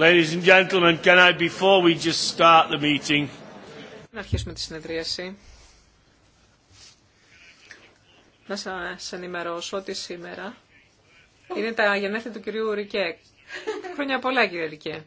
Ladies and gentlemen, can I, before we just start the meeting... Να αρχίσουμε τη συνεδρίαση. Να σας ενημερώσω ότι σήμερα είναι τα γενέθλια του κυρίου Ρικέ. Χρόνια πολλά κύριε Ρικέ.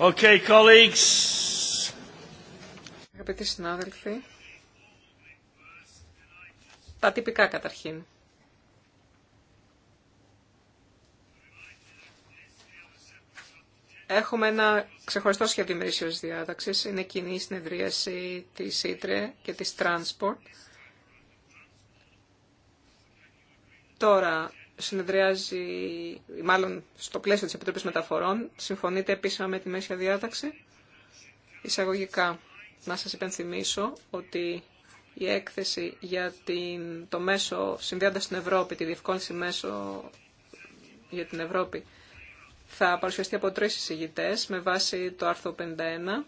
Αγαπητοί συνάδελφοι, τα τυπικά καταρχήν. Έχουμε ένα ξεχωριστό σχέδιο ημερήσιος διάταξης. Είναι κοινή συνεδρίαση της ΙΤΡΕ και της Transport. Τώρα συνεδριάζει μάλλον στο πλαίσιο της Επιτροπής Μεταφορών, συμφωνείτε επίσημα με τη Μέσια Διάταξη. Εισαγωγικά, να σας υπενθυμίσω ότι η έκθεση για την, το μέσο συνδέοντας την Ευρώπη, τη διευκόλυνση μέσο για την Ευρώπη, θα παρουσιαστεί από τρεις εισηγητές με βάση το άρθρο 51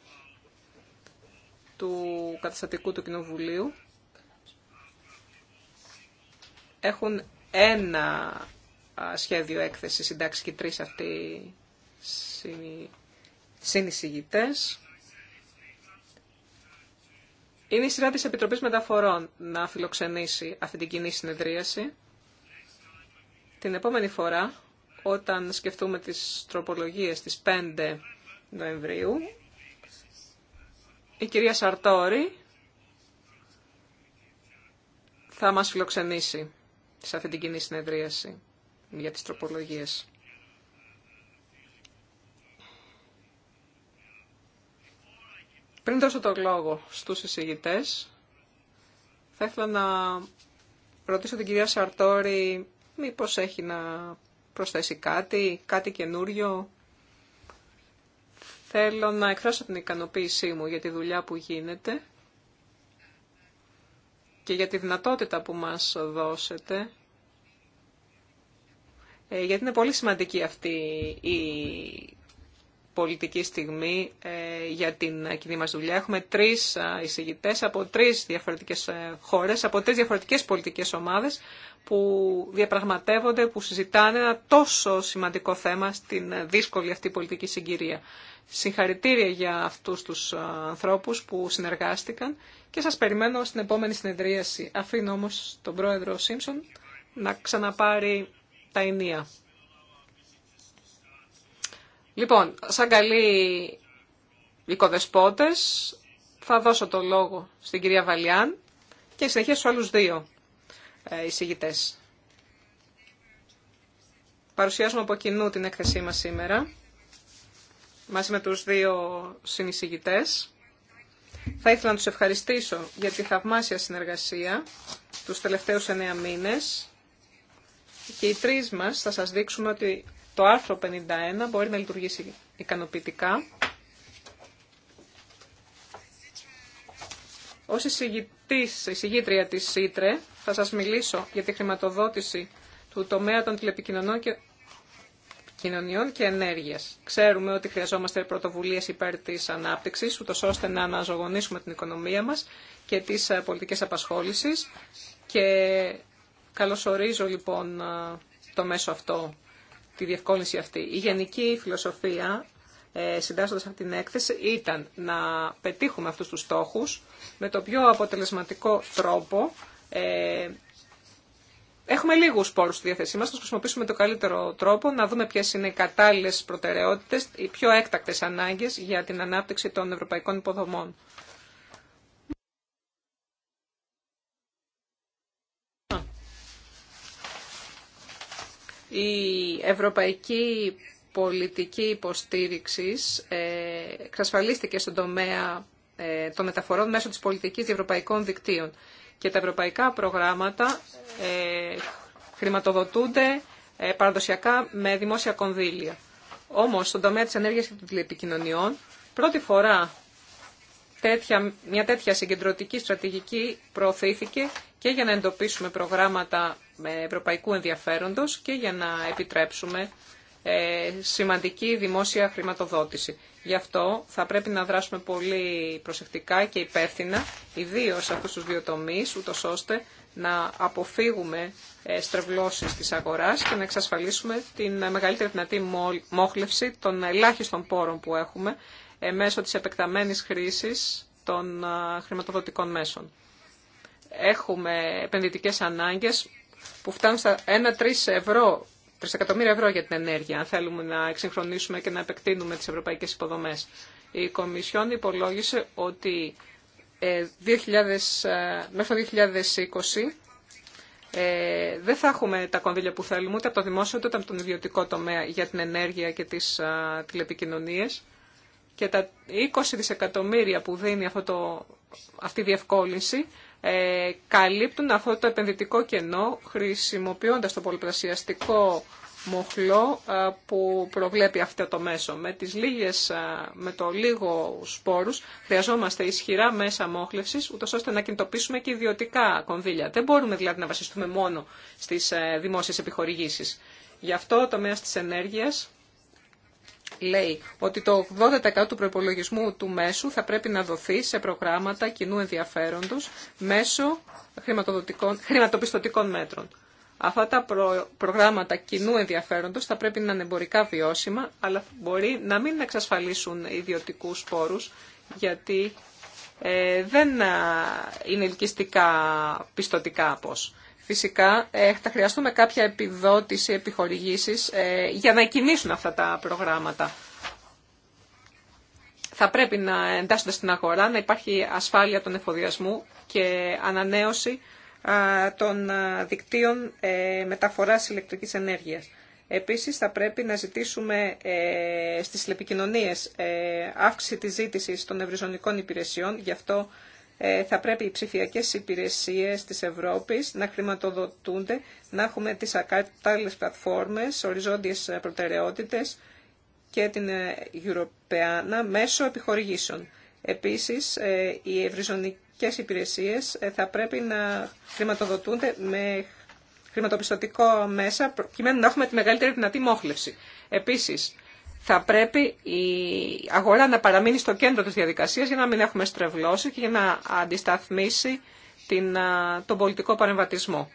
του καταστατικού του Κοινοβουλίου. Έχουν ένα σχέδιο έκθεση συντάξει και τρεις αυτοί συνεισηγητές. Είναι η σειρά της Επιτροπής Μεταφορών να φιλοξενήσει αυτή την κοινή συνεδρίαση. Την επόμενη φορά, όταν σκεφτούμε τις τροπολογίες της 5 Νοεμβρίου, η κυρία Σαρτόρη θα μας φιλοξενήσει σε αυτή την κοινή συνεδρίαση για τις τροπολογίες. Πριν δώσω το λόγο στους εισηγητές, θα ήθελα να ρωτήσω την κυρία Σαρτόρη μήπως έχει να προσθέσει κάτι, κάτι καινούριο. Θέλω να εκφράσω την ικανοποίησή μου για τη δουλειά που γίνεται και για τη δυνατότητα που μας δώσετε ε, γιατί είναι πολύ σημαντική αυτή η πολιτική στιγμή ε, για την κοινή μας δουλειά. Έχουμε τρεις ε, εισηγητές από τρεις διαφορετικές χώρες, από τρεις διαφορετικές πολιτικές ομάδες που διαπραγματεύονται, που συζητάνε ένα τόσο σημαντικό θέμα στην δύσκολη αυτή πολιτική συγκυρία. Συγχαρητήρια για αυτούς τους ανθρώπους που συνεργάστηκαν και σας περιμένω στην επόμενη συνεδρίαση. Αφήνω όμως τον πρόεδρο Σίμψον να ξαναπάρει τα ενία. Λοιπόν, σαν καλοί οικοδεσπότες, θα δώσω το λόγο στην κυρία Βαλιάν και συνεχεία στους άλλους δύο ε, εισηγητές. Παρουσιάζουμε από κοινού την έκθεσή μας σήμερα, μαζί με τους δύο συνεισηγητές. Θα ήθελα να τους ευχαριστήσω για τη θαυμάσια συνεργασία τους τελευταίους εννέα μήνες και οι τρεις μας θα σας δείξουμε ότι το άρθρο 51 μπορεί να λειτουργήσει ικανοποιητικά. Ως εισηγητής, εισηγήτρια της ΣΥΤΡΕ θα σας μιλήσω για τη χρηματοδότηση του τομέα των τηλεπικοινωνιών και κοινωνιών και ενέργειας. Ξέρουμε ότι χρειαζόμαστε πρωτοβουλίες υπέρ της ανάπτυξης, ούτως ώστε να αναζωογονήσουμε την οικονομία μας και τις ε, πολιτικές απασχόλησης και Καλωσορίζω λοιπόν το μέσο αυτό, τη διευκόλυνση αυτή. Η γενική φιλοσοφία, ε, συντάσσοντας αυτή την έκθεση, ήταν να πετύχουμε αυτούς τους στόχους με το πιο αποτελεσματικό τρόπο. Ε, έχουμε λίγους πόρους στη διάθεσή μας, να χρησιμοποιήσουμε το καλύτερο τρόπο, να δούμε ποιες είναι οι κατάλληλες προτεραιότητες, οι πιο έκτακτες ανάγκες για την ανάπτυξη των ευρωπαϊκών υποδομών. Η ευρωπαϊκή πολιτική υποστήριξης ε, εξασφαλίστηκε στον τομέα ε, των μεταφορών μέσω της πολιτικής ευρωπαϊκών δικτύων. Και τα ευρωπαϊκά προγράμματα ε, χρηματοδοτούνται παραδοσιακά με δημόσια κονδύλια. Όμως, στον τομέα της ενέργειας και των τηλεπικοινωνιών, πρώτη φορά τέτοια, μια τέτοια συγκεντρωτική στρατηγική προωθήθηκε και για να εντοπίσουμε προγράμματα με ευρωπαϊκού ενδιαφέροντος και για να επιτρέψουμε ε, σημαντική δημόσια χρηματοδότηση. Γι' αυτό θα πρέπει να δράσουμε πολύ προσεκτικά και υπεύθυνα, ιδίω σε αυτούς τους δύο τομεί, ούτω ώστε να αποφύγουμε ε, στρεβλώσει τη αγορά και να εξασφαλίσουμε την μεγαλύτερη δυνατή μόχλευση των ελάχιστων πόρων που έχουμε ε, μέσω της επεκταμένης χρήσης των χρηματοδοτικών μέσων. Έχουμε επενδυτικές ανάγκες που φτάνουν στα 1-3 ευρώ, 3 εκατομμύρια ευρώ για την ενέργεια, αν θέλουμε να εξυγχρονίσουμε και να επεκτείνουμε τις ευρωπαϊκές υποδομές. Η Κομισιόν υπολόγισε ότι 2000, ε, ε, μέχρι το 2020 δεν θα έχουμε τα κονδύλια που θέλουμε ούτε από το δημόσιο ούτε από τον ιδιωτικό τομέα για την ενέργεια και τις α, τηλεπικοινωνίες και τα 20 δισεκατομμύρια που δίνει αυτό αυτή η διευκόλυνση ε, καλύπτουν αυτό το επενδυτικό κενό χρησιμοποιώντας το πολυπλασιαστικό μοχλό ε, που προβλέπει αυτό το μέσο. Με, τις λίγες, ε, με το λίγο σπόρους χρειαζόμαστε ισχυρά μέσα μόχλευσης ούτως ώστε να κινητοποιήσουμε και ιδιωτικά κονδύλια. Δεν μπορούμε δηλαδή να βασιστούμε μόνο στις ε, δημόσιες επιχορηγήσεις. Γι' αυτό το μέσο της ενέργειας λέει ότι το 80% του προπολογισμού του μέσου θα πρέπει να δοθεί σε προγράμματα κοινού ενδιαφέροντος μέσω χρηματοπιστωτικών μέτρων. Αυτά τα προγράμματα κοινού ενδιαφέροντος θα πρέπει να είναι εμπορικά βιώσιμα, αλλά μπορεί να μην εξασφαλίσουν ιδιωτικού πόρους, γιατί ε, δεν είναι ελκυστικά πιστοτικά πώς. Φυσικά ε, θα χρειαστούμε κάποια επιδότηση, επιχορηγήσεις ε, για να κινήσουν αυτά τα προγράμματα. Θα πρέπει να εντάσσονται στην αγορά, να υπάρχει ασφάλεια των εφοδιασμού και ανανέωση των δικτύων ε, μεταφοράς ηλεκτρικής ενέργειας. Επίσης, θα πρέπει να ζητήσουμε στις τηλεπικοινωνίες αύξηση της ζήτησης των ευρυζωνικών υπηρεσιών. Γι' αυτό ε, θα πρέπει οι ψηφιακές υπηρεσίες της Ευρώπης να χρηματοδοτούνται, να έχουμε τις ακατάλληλες πλατφόρμες, οριζόντιες προτεραιότητες και την Ευρωπαϊκή μέσω επιχορηγήσεων. Επίσης, ε, οι ευρυζωνικές υπηρεσίες ε, θα πρέπει να χρηματοδοτούνται με χρηματοπιστωτικό μέσα, προκειμένου να έχουμε τη μεγαλύτερη δυνατή μόχλευση. Επίσης, θα πρέπει η αγορά να παραμείνει στο κέντρο της διαδικασίας για να μην έχουμε στρεβλώσει και για να αντισταθμίσει την, τον πολιτικό παρεμβατισμό.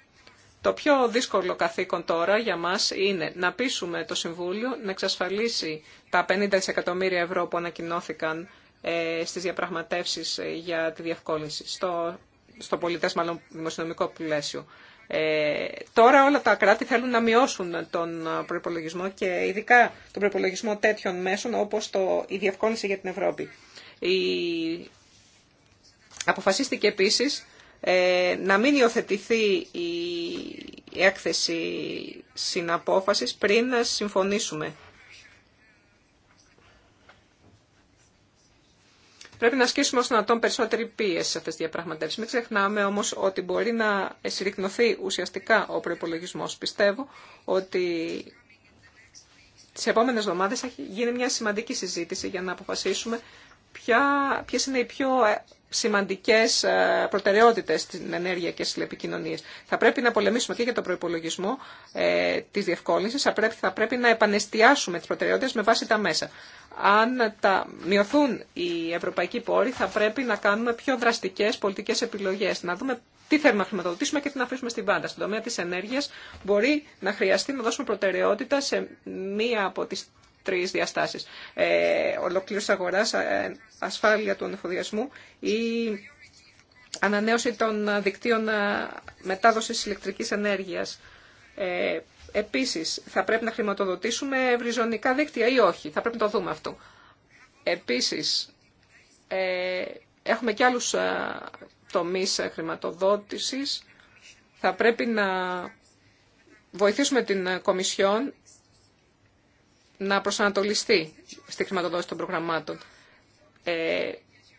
Το πιο δύσκολο καθήκον τώρα για μας είναι να πείσουμε το Συμβούλιο να εξασφαλίσει τα 50 δισεκατομμύρια ευρώ που ανακοινώθηκαν ε, στις διαπραγματεύσεις ε, για τη διευκόλυνση, στο, στο μάλλον δημοσιονομικό πλαίσιο. Ε, τώρα όλα τα κράτη θέλουν να μειώσουν τον προπολογισμό και ειδικά τον προπολογισμό τέτοιων μέσων όπως το, η διευκόλυνση για την Ευρώπη. Αποφασίστηκε επίσης ε, να μην υιοθετηθεί η έκθεση συναπόφασης πριν να συμφωνήσουμε Πρέπει να ασκήσουμε όσο να περισσότερη πίεση σε αυτέ τι διαπραγματεύσει. Μην ξεχνάμε όμω ότι μπορεί να συρρυκνωθεί ουσιαστικά ο προπολογισμό. Πιστεύω ότι τι επόμενε εβδομάδε έχει γίνει μια σημαντική συζήτηση για να αποφασίσουμε ποια, ποιες είναι οι πιο ε, σημαντικές ε, προτεραιότητες στην ενέργεια και στις επικοινωνίες. Θα πρέπει να πολεμήσουμε και για τον προϋπολογισμό ε, της διευκόλυνσης, θα πρέπει, να επανεστιάσουμε τις προτεραιότητες με βάση τα μέσα. Αν τα μειωθούν οι ευρωπαϊκοί πόροι, θα πρέπει να κάνουμε πιο δραστικές πολιτικές επιλογές, να δούμε τι θέλουμε να χρηματοδοτήσουμε και τι να αφήσουμε στην πάντα. Στον τομέα της ενέργειας μπορεί να χρειαστεί να δώσουμε προτεραιότητα σε μία από τις τρεις διαστάσεις. Ε, ολοκλήρωση αγοράς, ε, ασφάλεια του ανεφοδιασμού ή ανανέωση των δικτύων ε, μετάδοσης ηλεκτρικής ενέργειας. Ε, επίσης, θα πρέπει να χρηματοδοτήσουμε ευρυζωνικά δίκτυα ή όχι. Θα πρέπει να το δούμε αυτό. Επίσης, ε, έχουμε και άλλους τομεί τομείς Θα πρέπει να βοηθήσουμε την ε, Κομισιόν να προσανατολιστεί στη χρηματοδότηση των προγραμμάτων. Ε,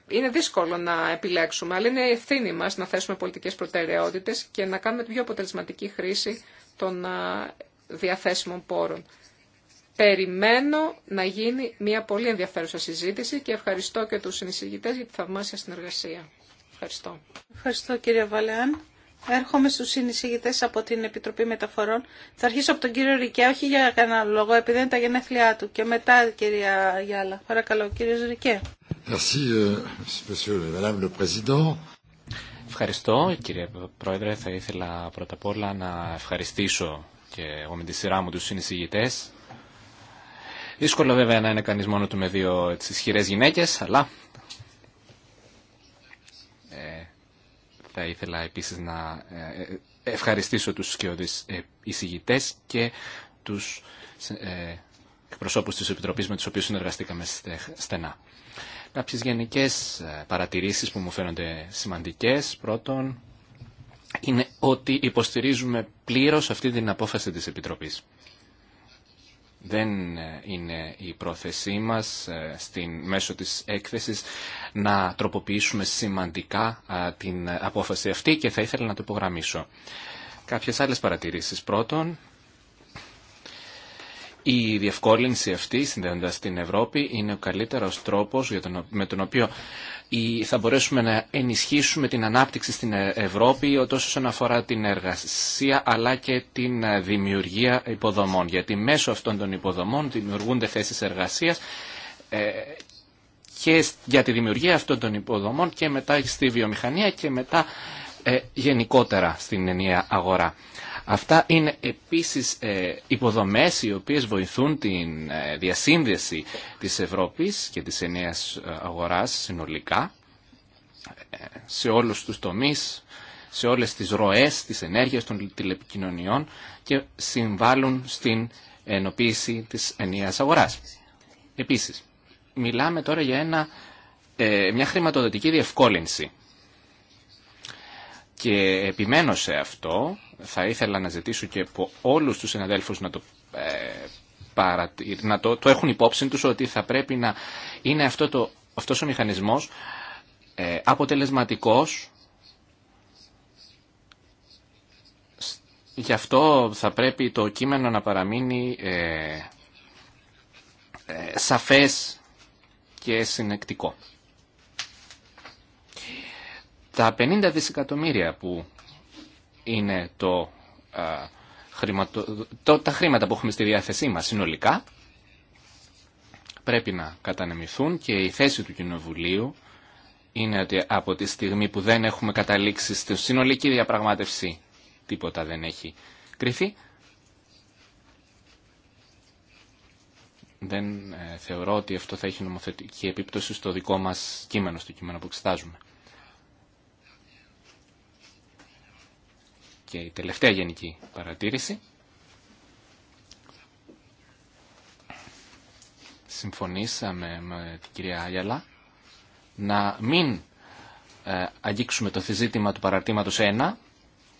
είναι δύσκολο να επιλέξουμε, αλλά είναι ευθύνη μας να θέσουμε πολιτικές προτεραιότητες και να κάνουμε την πιο αποτελεσματική χρήση των διαθέσιμων πόρων. Περιμένω να γίνει μια πολύ ενδιαφέρουσα συζήτηση και ευχαριστώ και τους συνεισηγητές για τη θαυμάσια συνεργασία. Ευχαριστώ. Ευχαριστώ κύριε Βαλεάν. Έρχομαι στου συνεισηγητέ από την Επιτροπή Μεταφορών. Θα αρχίσω από τον κύριο Ρικέ, όχι για κανένα λόγο, επειδή είναι τα γενέθλιά του. Και μετά, κυρία Γιάλα. Παρακαλώ, κύριο Ρικέ. Euh, Ευχαριστώ, κύριε Πρόεδρε. Θα ήθελα πρώτα απ' όλα να ευχαριστήσω και εγώ με τη σειρά μου τους συνεισηγητέ. Δύσκολο βέβαια να είναι κανεί μόνο του με δύο ισχυρέ γυναίκε, αλλά Θα ήθελα επίσης να ε, ε, ευχαριστήσω τους σκιώδεις ε, εισηγητές και τους εκπροσώπους της Επιτροπής με τους οποίους συνεργαστήκαμε στενά. Κάποιες γενικές παρατηρήσεις που μου φαίνονται σημαντικές. Πρώτον, είναι ότι υποστηρίζουμε πλήρως αυτή την απόφαση της Επιτροπής. Δεν ε, είναι η πρόθεσή μας ε, στην, μέσω της έκθεσης να τροποποιήσουμε σημαντικά την απόφαση αυτή και θα ήθελα να το υπογραμμίσω. Κάποιες άλλες παρατηρήσεις. Πρώτον, η διευκόλυνση αυτή συνδέοντας την Ευρώπη είναι ο καλύτερος τρόπος με τον οποίο θα μπορέσουμε να ενισχύσουμε την ανάπτυξη στην ε, Ευρώπη τόσο όσον αφορά την εργασία αλλά και την ε, δημιουργία υποδομών. Γιατί μέσω αυτών των υποδομών δημιουργούνται θέσεις εργασίας ε, και για τη δημιουργία αυτών των υποδομών και μετά στη βιομηχανία και μετά γενικότερα στην ενιαία αγορά. Αυτά είναι επίσης ε, υποδομές οι οποίες βοηθούν την ε, διασύνδεση της Ευρώπης και της ενέας ε, αγοράς συνολικά σε όλους τους τομείς, σε όλες τις ροές της ενέργειας των τηλεπικοινωνιών και συμβάλλουν στην ενοποίηση της ενιαίας αγοράς. Επίσης, μιλάμε τώρα για ένα, μια χρηματοδοτική διευκόλυνση. Και επιμένω σε αυτό, θα ήθελα να ζητήσω και από όλους τους συναδέλφου να το, ε, να το, έχουν υπόψη τους ότι θα πρέπει να είναι αυτό το, αυτός ο μηχανισμός ε, αποτελεσματικός Γι' αυτό θα πρέπει το κείμενο να παραμείνει ε, ε σαφές και συνεκτικό. Τα 50 δισεκατομμύρια που είναι το, τα χρήματα που έχουμε στη διάθεσή μας συνολικά. Πρέπει να κατανεμηθούν και η θέση του Κοινοβουλίου είναι ότι από τη στιγμή που δεν έχουμε καταλήξει στη συνολική διαπραγμάτευση τίποτα δεν έχει κρυθεί. Δεν ε, θεωρώ ότι αυτό θα έχει νομοθετική επίπτωση στο δικό μας κείμενο, στο κείμενο που εξετάζουμε. η τελευταία γενική παρατήρηση. Συμφωνήσαμε με την κυρία Άγιαλα να μην ε, αγγίξουμε το θεζήτημα του παραρτήματος 1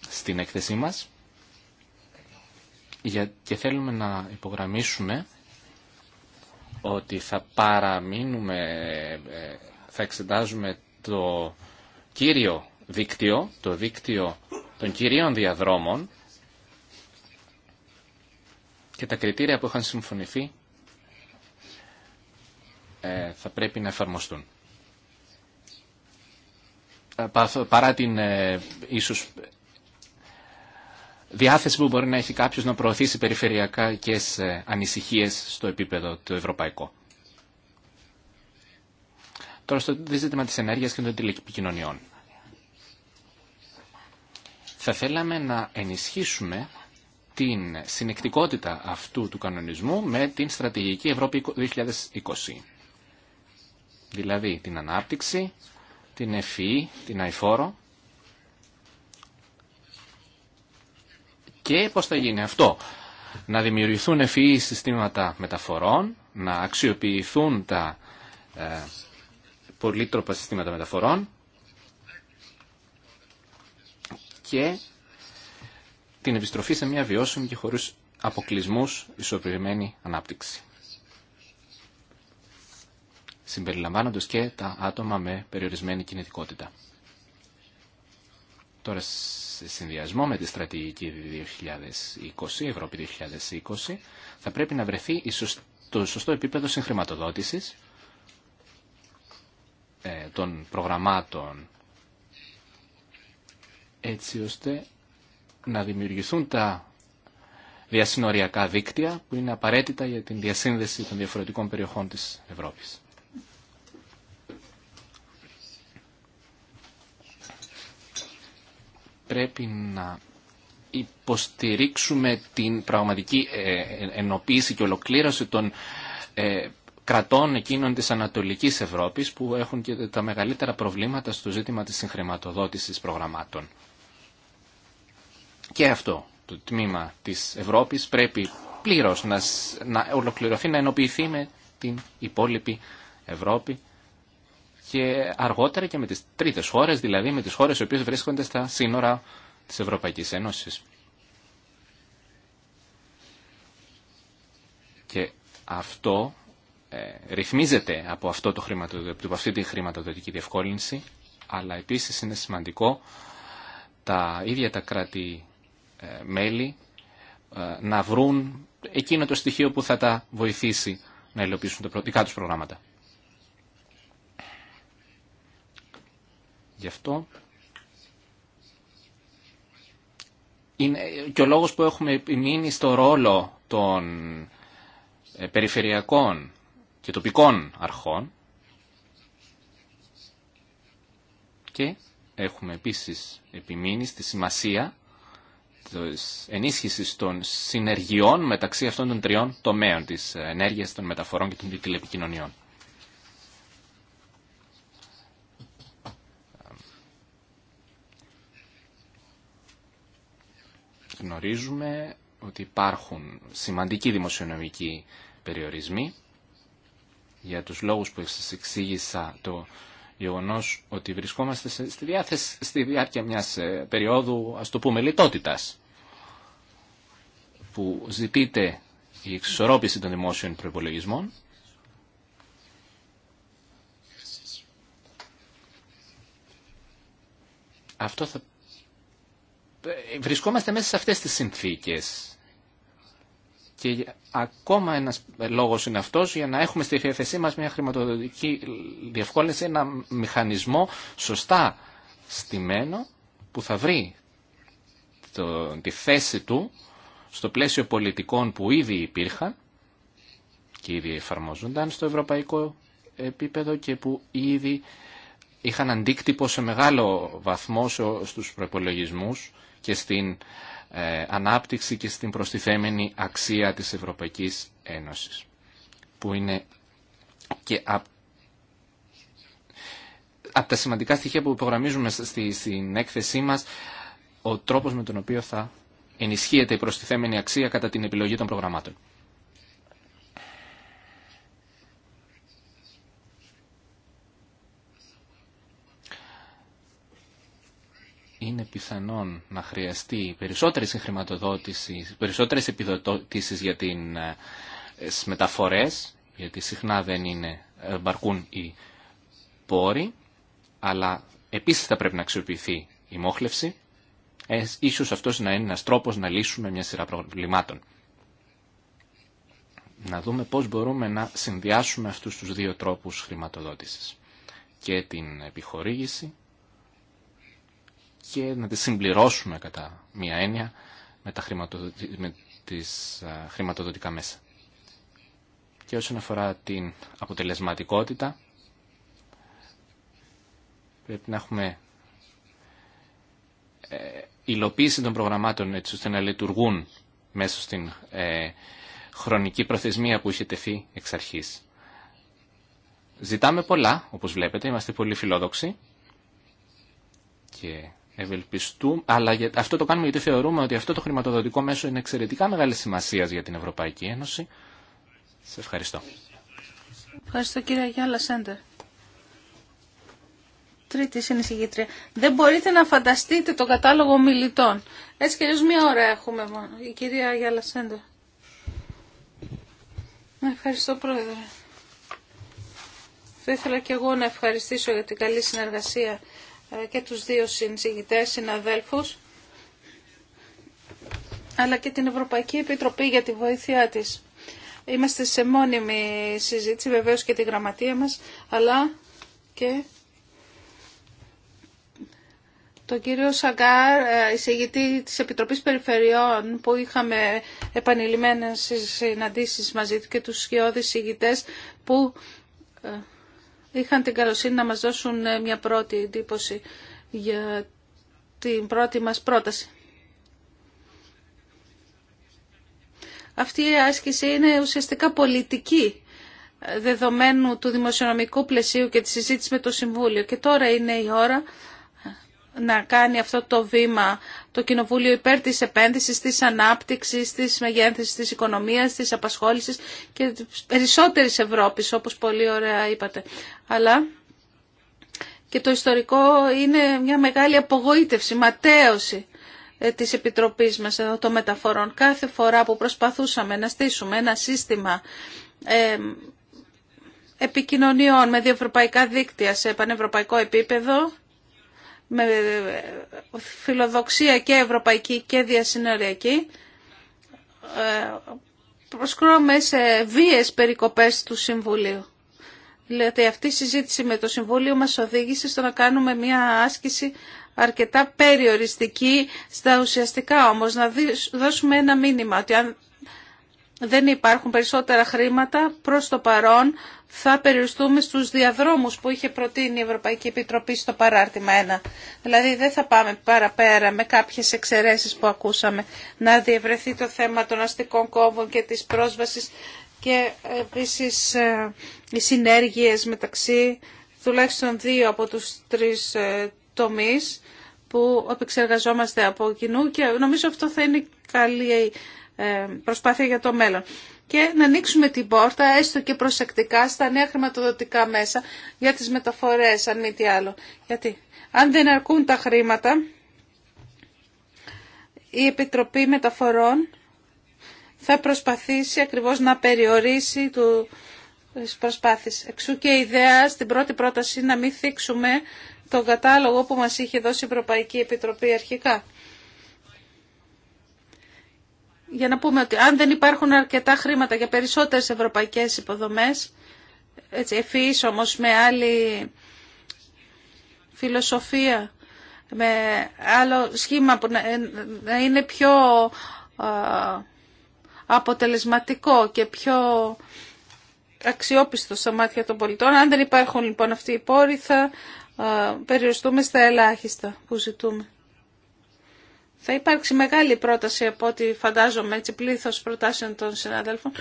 στην έκθεσή μας και θέλουμε να υπογραμμίσουμε ότι θα παραμείνουμε, ε, θα εξετάζουμε το κύριο δίκτυο, το δίκτυο των κυρίων διαδρόμων και τα κριτήρια που είχαν συμφωνηθεί ε, θα πρέπει να εφαρμοστούν. Ε, παρά την ε, ίσως διάθεση που μπορεί να έχει κάποιος να προωθήσει περιφερειακά και σε ανησυχίες στο επίπεδο το ευρωπαϊκό. Τώρα στο ζήτημα της ενέργειας και των τηλεκοινωνιών. Θα θέλαμε να ενισχύσουμε την συνεκτικότητα αυτού του κανονισμού με την στρατηγική Ευρώπη 2020. Δηλαδή την ανάπτυξη, την ΕΦΗ, e, την αιφόρο και πώς θα γίνει αυτό. Να δημιουργηθούν ΕΦΗ e συστήματα μεταφορών, να αξιοποιηθούν τα ε, πολύτροπα συστήματα μεταφορών και την επιστροφή σε μια βιώσιμη και χωρίς αποκλεισμούς ισορροπημένη ανάπτυξη. Συμπεριλαμβάνοντας και τα άτομα με περιορισμένη κινητικότητα. Τώρα, σε συνδυασμό με τη στρατηγική 2020, Ευρώπη 2020, θα πρέπει να βρεθεί το σωστό επίπεδο συγχρηματοδότησης ε, των προγραμμάτων έτσι ώστε να δημιουργηθούν τα διασυνοριακά δίκτυα που είναι απαραίτητα για την διασύνδεση των διαφορετικών περιοχών της Ευρώπης. Πρέπει να υποστηρίξουμε την πραγματική ε, ε, ενοποίηση και ολοκλήρωση των ε, κρατών εκείνων της Ανατολικής Ευρώπης που έχουν και τα μεγαλύτερα προβλήματα στο ζήτημα της συγχρηματοδότησης προγραμμάτων. Και αυτό το τμήμα της Ευρώπης πρέπει πλήρως να, να ολοκληρωθεί, να ενοποιηθεί με την υπόλοιπη Ευρώπη και αργότερα και με τις τρίτες χώρες, δηλαδή με τις χώρες οι οποίες βρίσκονται στα σύνορα της Ευρωπαϊκής Ένωσης. Και αυτό ε, ρυθμίζεται από, αυτό το από αυτή τη χρηματοδοτική διευκόλυνση, αλλά επίσης είναι σημαντικό τα ίδια τα κράτη-μέλη ε, ε, να βρουν εκείνο το στοιχείο που θα τα βοηθήσει να υλοποιήσουν τα δικά τους προγράμματα. Γι' αυτό είναι και ο λόγος που έχουμε μείνει στο ρόλο των περιφερειακών και τοπικών αρχών και έχουμε επίσης επιμείνει στη σημασία της ενίσχυσης των συνεργειών μεταξύ αυτών των τριών τομέων της ενέργειας, των μεταφορών και των τηλεπικοινωνιών. Γνωρίζουμε ότι υπάρχουν σημαντικοί δημοσιονομικοί περιορισμοί για τους λόγους που σας εξήγησα το γεγονό ότι βρισκόμαστε στη, διάθεση, στη διάρκεια μιας ε, περίοδου, ας το πούμε, λιτότητας που ζητείται η εξορρόπηση των δημόσιων προπολογισμών αυτό θα... Ε, βρισκόμαστε μέσα σε αυτές τις συνθήκες και ακόμα ένας λόγος είναι αυτός για να έχουμε στη διαθεσή μας μια χρηματοδοτική διευκόλυνση, ένα μηχανισμό σωστά στημένο που θα βρει το, τη θέση του στο πλαίσιο πολιτικών που ήδη υπήρχαν και ήδη εφαρμόζονταν στο ευρωπαϊκό επίπεδο και που ήδη είχαν αντίκτυπο σε μεγάλο βαθμό στους προπολογισμούς και στην ε, ανάπτυξη και στην προστιθέμενη αξία της Ευρωπαϊκής Ένωσης, που είναι και από απ τα σημαντικά στοιχεία που υπογραμμίζουμε στη, στην έκθεσή μας, ο τρόπος με τον οποίο θα ενισχύεται η προστιθέμενη αξία κατά την επιλογή των προγραμμάτων. είναι πιθανόν να χρειαστεί περισσότερες χρηματοδότησης, περισσότερες επιδοτήσεις για ε, τις μεταφορές, γιατί συχνά δεν είναι, ε, μπαρκούν οι πόροι, αλλά επίσης θα πρέπει να αξιοποιηθεί η μόχλευση. Ε, ίσως αυτός να είναι ένας τρόπος να λύσουμε μια σειρά προβλημάτων. Να δούμε πώς μπορούμε να συνδυάσουμε αυτούς τους δύο τρόπους χρηματοδότησης και την επιχορήγηση και να τις συμπληρώσουμε κατά μία έννοια με τα χρηματοδοτικά μέσα. Και όσον αφορά την αποτελεσματικότητα, πρέπει να έχουμε ε, υλοποίηση των προγραμμάτων έτσι ώστε να λειτουργούν μέσα στην ε, χρονική προθεσμία που είχε τεθεί εξ αρχής. Ζητάμε πολλά, όπως βλέπετε, είμαστε πολύ φιλόδοξοι και ευελπιστούμε, αλλά για, αυτό το κάνουμε γιατί θεωρούμε ότι αυτό το χρηματοδοτικό μέσο είναι εξαιρετικά μεγάλη σημασία για την Ευρωπαϊκή Ένωση. Σε ευχαριστώ. Ευχαριστώ κύριε Γιάλα Σέντερ. Τρίτη συνεισηγήτρια. Δεν μπορείτε να φανταστείτε τον κατάλογο μιλητών. Έτσι και μία ώρα έχουμε μόνο. Η κυρία Γιάλα Σέντερ. Ναι, ευχαριστώ πρόεδρε. Θα ήθελα και εγώ να ευχαριστήσω για την καλή συνεργασία ε, και τους δύο συνσηγητές συναδέλφους αλλά και την Ευρωπαϊκή Επιτροπή για τη βοήθειά της. Είμαστε σε μόνιμη συζήτηση βεβαίως και τη γραμματεία μας αλλά και τον κύριο Σαγκάρ, ε, εισηγητή της Επιτροπής Περιφερειών, που είχαμε επανειλημμένες συναντήσεις μαζί του και τους σκιώδεις εισηγητές που ε, είχαν την καλοσύνη να μας δώσουν ε, μια πρώτη εντύπωση για την πρώτη μας πρόταση. Αυτή η άσκηση είναι ουσιαστικά πολιτική ε, δεδομένου του δημοσιονομικού πλαισίου και της συζήτηση με το Συμβούλιο. Και τώρα είναι η ώρα να κάνει αυτό το βήμα το Κοινοβούλιο υπέρ της επένδυσης, της ανάπτυξης, της μεγένθησης της οικονομίας, της απασχόλησης και της περισσότερης Ευρώπης, όπως πολύ ωραία είπατε. Αλλά και το ιστορικό είναι μια μεγάλη απογοήτευση, ματέωση ε, της Επιτροπής μας εδώ των μεταφορών. Κάθε φορά που προσπαθούσαμε να στήσουμε ένα σύστημα ε, επικοινωνιών με διευρωπαϊκά δίκτυα σε πανευρωπαϊκό επίπεδο, με φιλοδοξία και ευρωπαϊκή και διασυνοριακή ε, προσκρούμε σε βίες περικοπές του Συμβουλίου. Δηλαδή αυτή η συζήτηση με το Συμβούλιο μας οδήγησε στο να κάνουμε μια άσκηση αρκετά περιοριστική στα ουσιαστικά όμως να δώσουμε ένα μήνυμα ότι αν δεν υπάρχουν περισσότερα χρήματα. Προς το παρόν θα περιοριστούμε στους διαδρόμους που είχε προτείνει η Ευρωπαϊκή Επιτροπή στο παράρτημα 1. Δηλαδή δεν θα πάμε παραπέρα με κάποιες εξαιρέσεις που ακούσαμε να διευρεθεί το θέμα των αστικών κόμβων και της πρόσβασης και επίσης ε, οι συνέργειες μεταξύ τουλάχιστον δύο από τους τρεις ε, τομείς που επεξεργαζόμαστε από κοινού και νομίζω αυτό θα είναι καλή ε, προσπάθεια για το μέλλον. Και να ανοίξουμε την πόρτα έστω και προσεκτικά στα νέα χρηματοδοτικά μέσα για τις μεταφορές, αν μη τι άλλο. Γιατί αν δεν αρκούν τα χρήματα, η Επιτροπή Μεταφορών θα προσπαθήσει ακριβώς να περιορίσει του προσπάθειες. Εξού και η ιδέα στην πρώτη πρόταση να μην θίξουμε τον κατάλογο που μας είχε δώσει η Ευρωπαϊκή Επιτροπή αρχικά για να πούμε ότι αν δεν υπάρχουν αρκετά χρήματα για περισσότερες ευρωπαϊκές υποδομές, έτσι, ευφυής όμως με άλλη φιλοσοφία, με άλλο σχήμα που να ε, είναι πιο αποτελεσματικό και πιο αξιόπιστο στα μάτια των πολιτών. Αν δεν υπάρχουν λοιπόν αυτοί οι πόροι θα περιοριστούμε στα ελάχιστα που ζητούμε. Θα υπάρξει μεγάλη πρόταση από ό,τι φαντάζομαι έτσι πλήθος προτάσεων των συνάδελφων.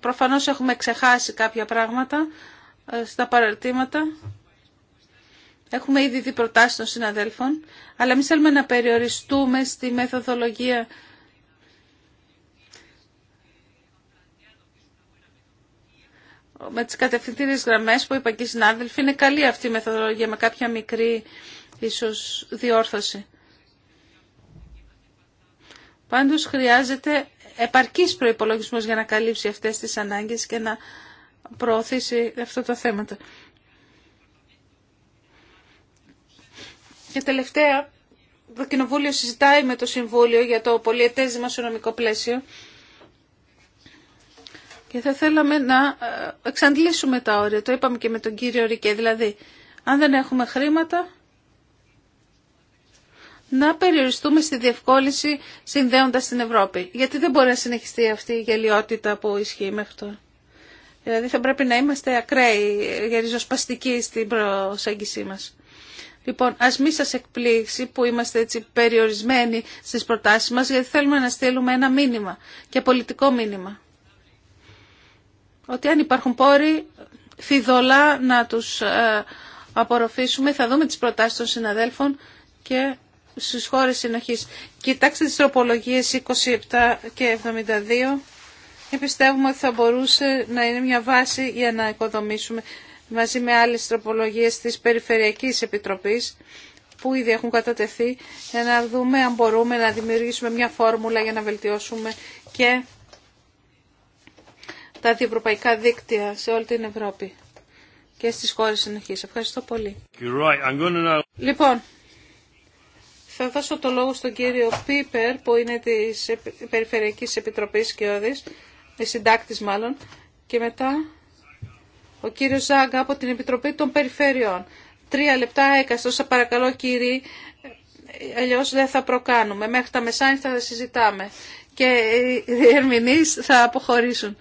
Προφανώς έχουμε ξεχάσει κάποια πράγματα ε, στα παραρτήματα. Έχουμε ήδη δει προτάσεις των συναδέλφων, αλλά εμεί θέλουμε να περιοριστούμε στη μεθοδολογία με τις κατευθυντήριες γραμμές που είπα και οι συνάδελφοι. Είναι καλή αυτή η μεθοδολογία με κάποια μικρή ίσως διόρθωση. Πάντως χρειάζεται επαρκής προϋπολογισμός για να καλύψει αυτές τις ανάγκες και να προωθήσει αυτό το θέμα. Και τελευταία, το Κοινοβούλιο συζητάει με το Συμβούλιο για το πολιετές δημοσιονομικό πλαίσιο και θα θέλαμε να ε, εξαντλήσουμε τα όρια. Το είπαμε και με τον κύριο Ρικέ. Δηλαδή, αν δεν έχουμε χρήματα, να περιοριστούμε στη διευκόλυνση συνδέοντας την Ευρώπη. Γιατί δεν μπορεί να συνεχιστεί αυτή η γελιότητα που ισχύει μέχρι τώρα. Δηλαδή θα πρέπει να είμαστε ακραίοι, γεριζοσπαστικοί στην προσέγγιση μας. Λοιπόν, ας μη σας εκπλήξει που είμαστε έτσι περιορισμένοι στις προτάσεις μας, γιατί θέλουμε να στείλουμε ένα μήνυμα και πολιτικό μήνυμα. Ότι αν υπάρχουν πόροι, φιδωλά να τους ε, απορροφήσουμε, θα δούμε τις προτάσεις των συναδέλφων και Στι χώρε συνοχή, Κοιτάξτε τι τροπολογίε 27 και 72 και πιστεύουμε ότι θα μπορούσε να είναι μια βάση για να οικοδομήσουμε μαζί με άλλες τροπολογίες της Περιφερειακής Επιτροπής που ήδη έχουν κατατεθεί για να δούμε αν μπορούμε να δημιουργήσουμε μια φόρμουλα για να βελτιώσουμε και τα διευρωπαϊκά δίκτυα σε όλη την Ευρώπη και στις χώρες συνοχής. Ευχαριστώ πολύ. Λοιπόν, θα δώσω το λόγο στον κύριο Πίπερ, που είναι της Περιφερειακής Επιτροπής Κιώδης, συντάκτης μάλλον, και μετά ο κύριος Ζάγκα από την Επιτροπή των Περιφερειών. Τρία λεπτά έκαστο, σα παρακαλώ κύριοι, αλλιώ δεν θα προκάνουμε. Μέχρι τα μεσάνυχτα θα συζητάμε και οι διερμηνείς θα αποχωρήσουν.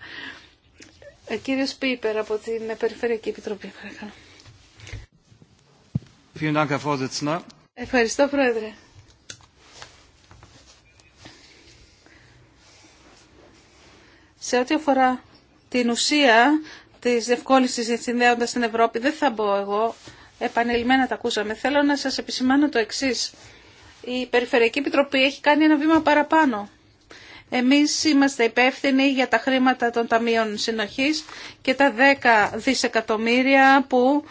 Ο ε, κύριος Πίπερ από την Περιφερειακή Επιτροπή, παρακαλώ. Ευχαριστώ, Πρόεδρε. Σε ό,τι αφορά την ουσία της διευκόλυνσης συνδέοντας την Ευρώπη, δεν θα μπω εγώ, επανειλημμένα τα ακούσαμε. Θέλω να σας επισημάνω το εξής. Η Περιφερειακή Επιτροπή έχει κάνει ένα βήμα παραπάνω. Εμείς είμαστε υπεύθυνοι για τα χρήματα των Ταμείων Συνοχής και τα 10 δισεκατομμύρια που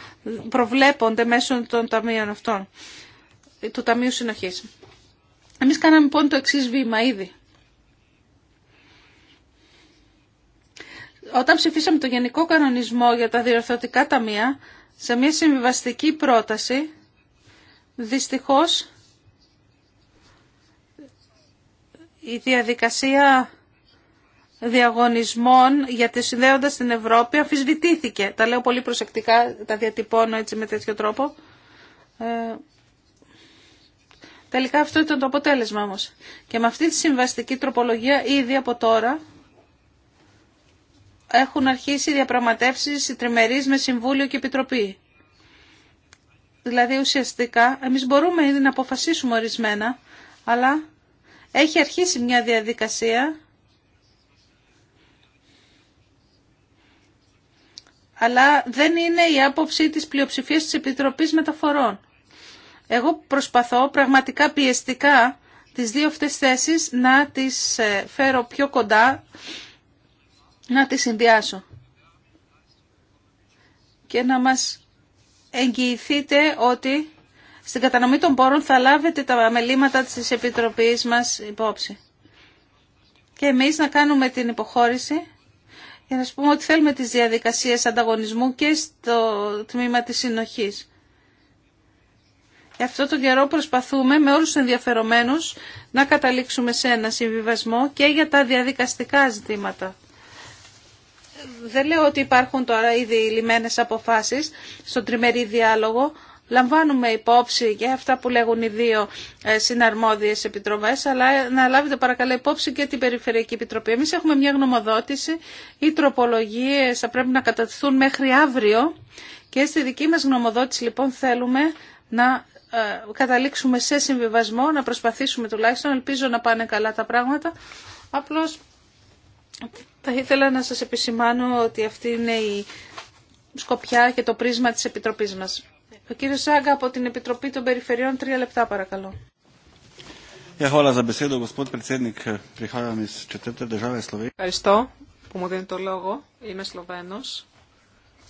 προβλέπονται μέσω των Ταμείων αυτών, του Ταμείου Συνοχής. Εμείς κάναμε λοιπόν το εξή βήμα ήδη. Όταν ψηφίσαμε το Γενικό Κανονισμό για τα διορθωτικά ταμεία, σε μια συμβιβαστική πρόταση, δυστυχώς η διαδικασία διαγωνισμών για τη συνδέοντα στην Ευρώπη αμφισβητήθηκε. Τα λέω πολύ προσεκτικά, τα διατυπώνω έτσι με τέτοιο τρόπο. Ε, τελικά αυτό ήταν το αποτέλεσμα όμως. Και με αυτή τη συμβαστική τροπολογία ήδη από τώρα έχουν αρχίσει διαπραγματεύσεις τριμερείς με Συμβούλιο και Επιτροπή. Δηλαδή ουσιαστικά εμείς μπορούμε ήδη να αποφασίσουμε ορισμένα, αλλά έχει αρχίσει μια διαδικασία αλλά δεν είναι η άποψη της πλειοψηφίας της Επιτροπής Μεταφορών. Εγώ προσπαθώ πραγματικά πιεστικά τις δύο αυτές θέσεις να τις ε, φέρω πιο κοντά να τη συνδυάσω και να μας εγγυηθείτε ότι στην κατανομή των πόρων θα λάβετε τα μελήματα της Επιτροπής μας υπόψη. Και εμείς να κάνουμε την υποχώρηση για να σου πούμε ότι θέλουμε τις διαδικασίες ανταγωνισμού και στο τμήμα της συνοχής. Γι' αυτό τον καιρό προσπαθούμε με όλους τους ενδιαφερομένους να καταλήξουμε σε ένα συμβιβασμό και για τα διαδικαστικά ζητήματα δεν λέω ότι υπάρχουν τώρα ήδη λιμένες αποφάσεις στον τριμερή διάλογο. Λαμβάνουμε υπόψη και αυτά που λέγουν οι δύο ε, συναρμόδιες επιτροπές, αλλά ε, να λάβετε παρακαλώ υπόψη και την Περιφερειακή Επιτροπή. Εμείς έχουμε μια γνωμοδότηση, οι τροπολογίες θα πρέπει να κατατηθούν μέχρι αύριο και στη δική μας γνωμοδότηση λοιπόν θέλουμε να ε, καταλήξουμε σε συμβιβασμό, να προσπαθήσουμε τουλάχιστον, ελπίζω να πάνε καλά τα πράγματα. Απλώς θα ήθελα να σας επισημάνω ότι αυτή είναι η σκοπιά και το πρίσμα της Επιτροπής μας. Ο κύριος Σάγκα από την Επιτροπή των Περιφερειών, τρία λεπτά παρακαλώ. Ευχαριστώ που μου δίνετε το λόγο. Είμαι Σλοβαίνος.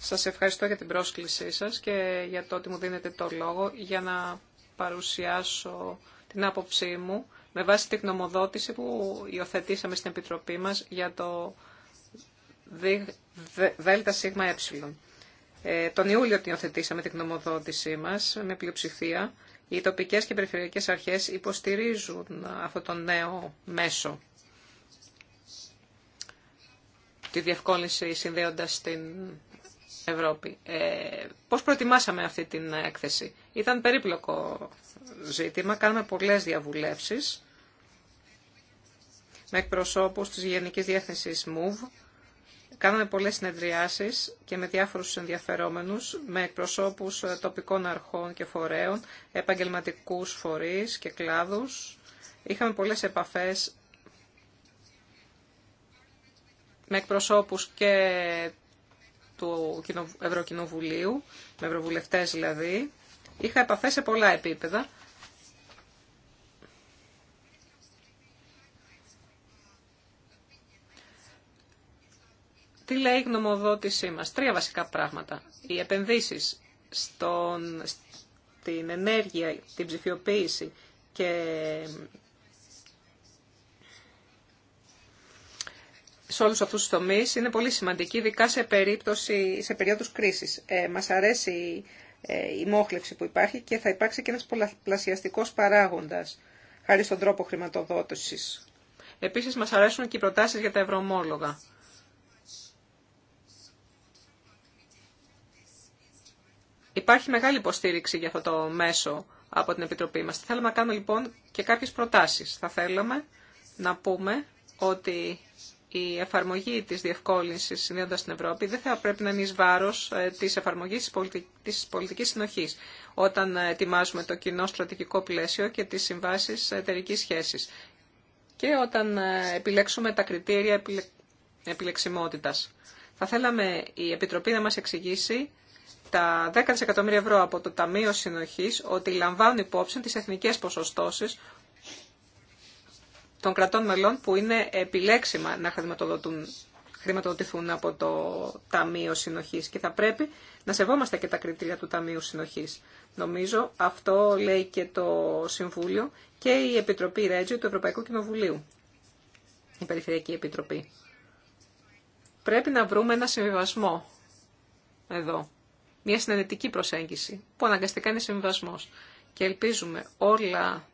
Σας ευχαριστώ για την πρόσκλησή σας και για το ότι μου δίνετε το λόγο για να παρουσιάσω την άποψή μου με βάση τη γνωμοδότηση που υιοθετήσαμε στην Επιτροπή μας για το ΔΣΕ. σύγμα ε. ε. Τον Ιούλιο την υιοθετήσαμε την γνωμοδότησή μας με πλειοψηφία. Οι τοπικές και περιφερειακές αρχές υποστηρίζουν αυτό το νέο μέσο. Τη διευκόλυνση συνδέοντας την Ευρώπη. Ε, πώς προετοιμάσαμε αυτή την έκθεση. Ήταν περίπλοκο ζήτημα, κάναμε πολλές διαβουλεύσεις με εκπροσώπους της Γενικής Διεύθυνσης MOVE. Κάναμε πολλές συνεδριάσεις και με διάφορους ενδιαφερόμενους, με εκπροσώπους τοπικών αρχών και φορέων, επαγγελματικούς φορείς και κλάδους. Είχαμε πολλές επαφές με εκπροσώπους και του Ευρωκοινοβουλίου, με ευρωβουλευτές δηλαδή. Είχα επαφές σε πολλά επίπεδα. Τι λέει η γνωμοδότησή μας. Τρία βασικά πράγματα. Οι επενδύσεις στον, στην ενέργεια, την ψηφιοποίηση και σε όλους αυτούς τους τομείς είναι πολύ σημαντική, ειδικά σε, περίπτωση, σε περίοδους κρίσης. Ε, μας αρέσει ε, η μόχλευση που υπάρχει και θα υπάρξει και ένας πολλαπλασιαστικός παράγοντας, χάρη στον τρόπο χρηματοδότησης. Επίσης, μας αρέσουν και οι προτάσεις για τα ευρωομόλογα. Υπάρχει μεγάλη υποστήριξη για αυτό το μέσο από την Επιτροπή μας. Θα θέλαμε να κάνουμε λοιπόν και κάποιες προτάσεις. Θα θέλαμε να πούμε ότι η εφαρμογή της διευκόλυνσης συνδέοντας την Ευρώπη δεν θα πρέπει να είναι εις βάρος ε, της εφαρμογής της πολιτικής συνοχής όταν ε, ετοιμάζουμε το κοινό στρατηγικό πλαίσιο και τις συμβάσεις εταιρικής σχέσης και όταν ε, επιλέξουμε τα κριτήρια επιλεξιμότητας. Θα θέλαμε η Επιτροπή να μας εξηγήσει τα 10 δισεκατομμύρια ευρώ από το Ταμείο Συνοχής ότι λαμβάνουν υπόψη τις εθνικές ποσοστώσεις των κρατών μελών που είναι επιλέξιμα να χρηματοδοτηθούν από το Ταμείο Συνοχής και θα πρέπει να σεβόμαστε και τα κριτήρια του Ταμείου Συνοχής. Νομίζω αυτό λέει και το Συμβούλιο και η Επιτροπή Ρέτζιου του Ευρωπαϊκού Κοινοβουλίου, η Περιφερειακή Επιτροπή. Πρέπει να βρούμε ένα συμβιβασμό εδώ, μια συνενετική προσέγγιση που αναγκαστικά είναι συμβιβασμός και ελπίζουμε όλα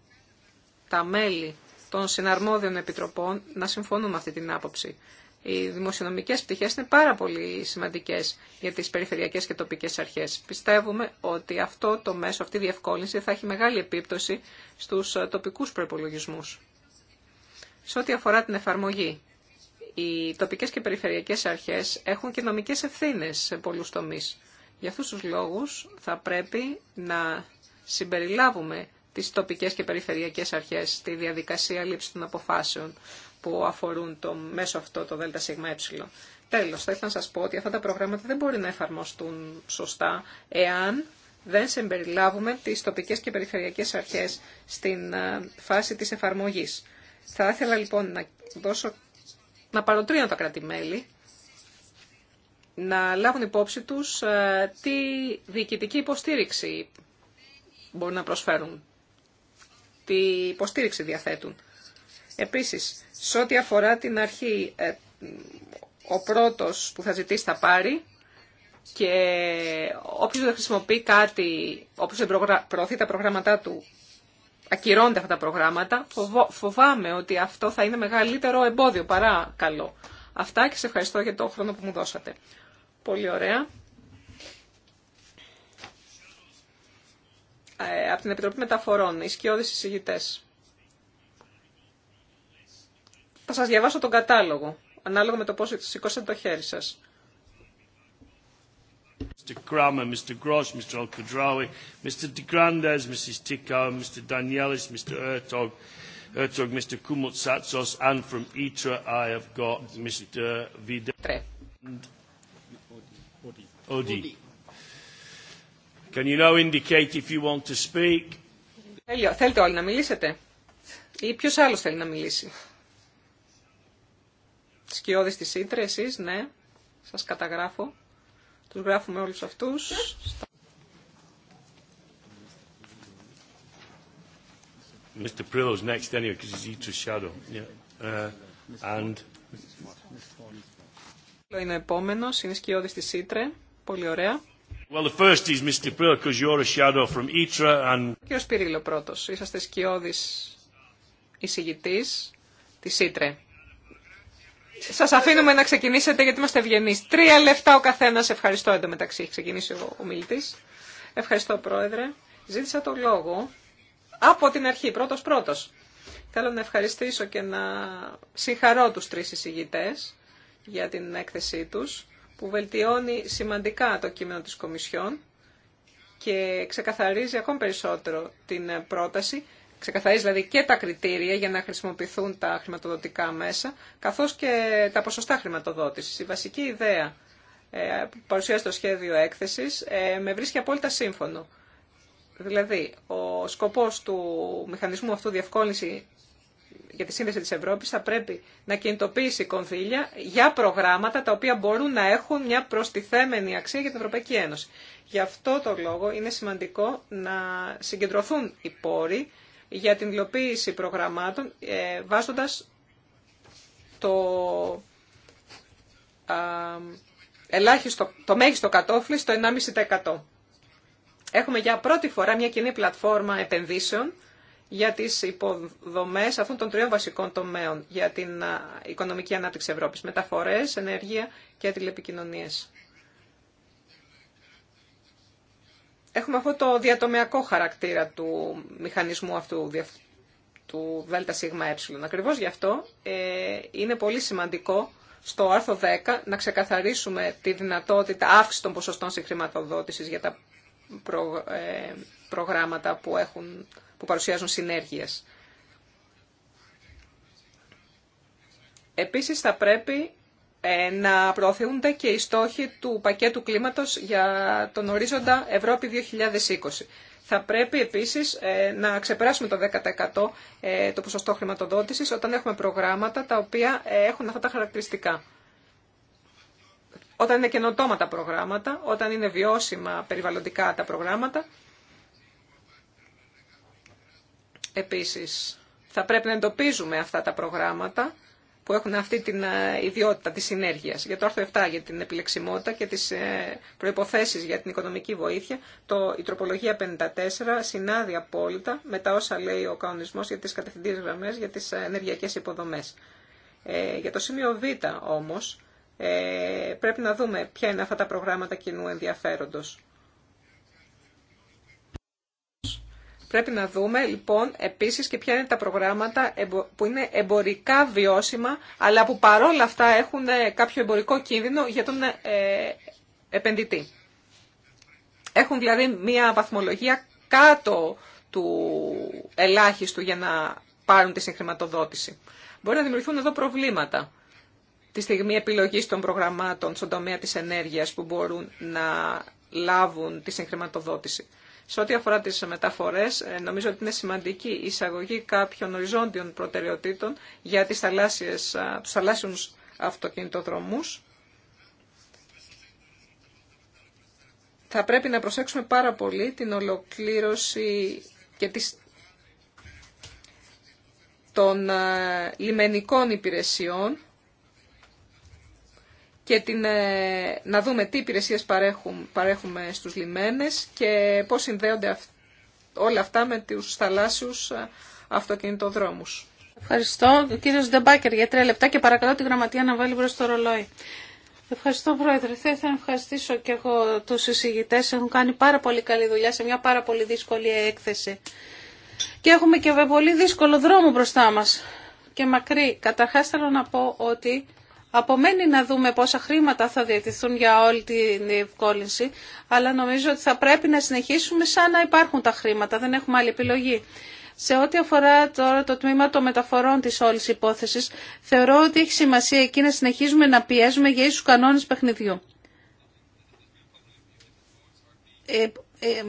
τα μέλη των συναρμόδιων επιτροπών να συμφωνούν με αυτή την άποψη. Οι δημοσιονομικέ πτυχέ είναι πάρα πολύ σημαντικέ για τι περιφερειακέ και τοπικέ αρχέ. Πιστεύουμε ότι αυτό το μέσο, αυτή η διευκόλυνση θα έχει μεγάλη επίπτωση στου ε, τοπικού προπολογισμού. Σε ό,τι αφορά την εφαρμογή, οι τοπικέ και περιφερειακέ αρχέ έχουν και νομικέ ευθύνε σε πολλού τομεί. Για αυτού του λόγου θα πρέπει να συμπεριλάβουμε τις τοπικές και περιφερειακές αρχές στη διαδικασία λήψη των αποφάσεων που αφορούν το μέσο αυτό, το ΔΣΕ. Τέλος, θα ήθελα να σας πω ότι αυτά τα προγράμματα δεν μπορεί να εφαρμοστούν σωστά εάν δεν συμπεριλάβουμε τις τοπικές και περιφερειακές αρχές στην ε, φάση της εφαρμογής. Θα ήθελα λοιπόν να, δώσω, να παροτρύνω τα κρατη να λάβουν υπόψη τους ε, τι διοικητική υποστήριξη μπορούν να προσφέρουν τι υποστήριξη διαθέτουν. Επίσης, σε ό,τι αφορά την αρχή, ε, ο πρώτος που θα ζητήσει θα πάρει και όποιος δεν χρησιμοποιεί κάτι, όποιος δεν προωθεί τα προγράμματά του, ακυρώνται αυτά τα προγράμματα, φοβάμαι ότι αυτό θα είναι μεγαλύτερο εμπόδιο παρά καλό. Αυτά και σε ευχαριστώ για το χρόνο που μου δώσατε. Πολύ ωραία. από την Επιτροπή Μεταφορών, οι σκιώδεις εισηγητές. Θα σας διαβάσω τον κατάλογο, ανάλογα με το πόσο σηκώσετε το χέρι σας. Mr. Cramer, Mr. Gross, Mr. Alcadrawi, Mr. De Grandes, Mrs. Tico, Mr. Danielis, Mr. Ertog, Ertog, Mr. Kumutsatsos, and from ITRA I have got Mr. Vida Odi. Odi. Θέλετε όλοι να μιλήσετε ή ποιος άλλος θέλει να μιλήσει. Σκιώδης της Ήτρε, εσείς, ναι. Σας καταγράφω. Τους γράφουμε όλους αυτούς. Mr. Prillo's next anyway because Shadow. Yeah. Uh, and... Είναι ο επόμενος, είναι σκιώδης της Ήτρε. Πολύ ωραία. Well, the first is Mr. because a shadow from and... πρώτος, είσαστε σκιώδης εισηγητής της Ήτρε. Σας αφήνουμε να ξεκινήσετε γιατί είμαστε ευγενεί. Τρία λεφτά ο καθένας. Ευχαριστώ μεταξύ, Έχει ξεκινήσει ο, ο μιλητής. Ευχαριστώ πρόεδρε. Ζήτησα το λόγο από την αρχή, πρώτος πρώτος. Θέλω να ευχαριστήσω και να συγχαρώ τους τρεις εισηγητές για την έκθεσή τους που βελτιώνει σημαντικά το κείμενο της Κομισιόν και ξεκαθαρίζει ακόμη περισσότερο την πρόταση, ξεκαθαρίζει δηλαδή και τα κριτήρια για να χρησιμοποιηθούν τα χρηματοδοτικά μέσα, καθώς και τα ποσοστά χρηματοδότησης. Η βασική ιδέα που ε, παρουσιάζει το σχέδιο έκθεσης ε, με βρίσκει απόλυτα σύμφωνο. Δηλαδή, ο σκοπός του μηχανισμού αυτού διευκόλυνση για τη σύνδεση της Ευρώπης θα πρέπει να κινητοποιήσει κονδύλια για προγράμματα τα οποία μπορούν να έχουν μια προστιθέμενη αξία για την Ευρωπαϊκή Ένωση. Γι' αυτό το λόγο είναι σημαντικό να συγκεντρωθούν οι πόροι για την υλοποίηση προγραμμάτων ε, βάζοντας το ελάχιστο, το μέγιστο κατόφλι στο 1,5%. Έχουμε για πρώτη φορά μια κοινή πλατφόρμα επενδύσεων για τις υποδομές αυτών των τριών βασικών τομέων για την οικονομική ανάπτυξη Ευρώπης. Μεταφορές, ενέργεια και τηλεπικοινωνίες. Έχουμε αυτό το διατομιακό χαρακτήρα του μηχανισμού αυτού του ΔΣΕ. Ακριβώς γι' αυτό ε, είναι πολύ σημαντικό στο άρθρο 10 να ξεκαθαρίσουμε τη δυνατότητα αύξηση των ποσοστών συγχρηματοδότησης για τα ε, προγράμματα που έχουν που παρουσιάζουν συνέργειες. Επίσης θα πρέπει ε, να προωθούνται και οι στόχοι του πακέτου κλίματος για τον ορίζοντα Ευρώπη 2020. Θα πρέπει επίσης ε, να ξεπεράσουμε το 10% ε, το ποσοστό χρηματοδότησης όταν έχουμε προγράμματα τα οποία έχουν αυτά τα χαρακτηριστικά. Όταν είναι καινοτόμα τα προγράμματα, όταν είναι βιώσιμα περιβαλλοντικά τα προγράμματα Επίσης, θα πρέπει να εντοπίζουμε αυτά τα προγράμματα που έχουν αυτή την ε, ιδιότητα της συνέργειας. Για το άρθρο 7 για την επιλεξιμότητα και τις ε, προϋποθέσεις για την οικονομική βοήθεια, το, η τροπολογία 54 συνάδει απόλυτα με τα όσα λέει ο κανονισμός για τις κατευθυντήρες γραμμές για τις ε, ενεργειακές υποδομές. Ε, για το σημείο Β όμως, ε, πρέπει να δούμε ποια είναι αυτά τα προγράμματα κοινού ενδιαφέροντος. Πρέπει να δούμε λοιπόν επίσης και ποια είναι τα προγράμματα που είναι εμπορικά βιώσιμα, αλλά που παρόλα αυτά έχουν ε, κάποιο εμπορικό κίνδυνο για τον ε, επενδυτή. Έχουν δηλαδή μία βαθμολογία κάτω του ελάχιστου για να πάρουν τη συγχρηματοδότηση. Μπορεί να δημιουργηθούν εδώ προβλήματα τη στιγμή επιλογής των προγραμμάτων στον τομέα της ενέργειας που μπορούν να λάβουν τη συγχρηματοδότηση. Σε ό,τι αφορά τι μεταφορές, ε, νομίζω ότι είναι σημαντική η εισαγωγή κάποιων οριζόντιων προτεραιοτήτων για του θαλάσσιου αυτοκινητοδρομού. Θα πρέπει να προσέξουμε πάρα πολύ την ολοκλήρωση και τις, των ε, λιμενικών υπηρεσιών και την, ε, να δούμε τι υπηρεσίες παρέχουμε, παρέχουμε στους λιμένες και πώς συνδέονται όλα αυτά με τους θαλάσσιους ε, αυτοκινητοδρόμους. Ευχαριστώ. Ο κύριος Ντεμπάκερ για τρία λεπτά και παρακαλώ τη γραμματεία να βάλει μπρος το ρολόι. Ευχαριστώ Πρόεδρε. Θα ήθελα να ευχαριστήσω και εγώ τους εισηγητές. Έχουν κάνει πάρα πολύ καλή δουλειά σε μια πάρα πολύ δύσκολη έκθεση. Και έχουμε και πολύ δύσκολο δρόμο μπροστά μας και μακρύ. Καταρχάς θέλω να πω ότι Απομένει να δούμε πόσα χρήματα θα διατηθούν για όλη την ευκόλυνση, αλλά νομίζω ότι θα πρέπει να συνεχίσουμε σαν να υπάρχουν τα χρήματα, δεν έχουμε άλλη επιλογή. Σε ό,τι αφορά τώρα το τμήμα των μεταφορών της όλης υπόθεσης, θεωρώ ότι έχει σημασία εκεί να συνεχίζουμε να πιέζουμε για ίσους κανόνες παιχνιδιού. Ε, ε,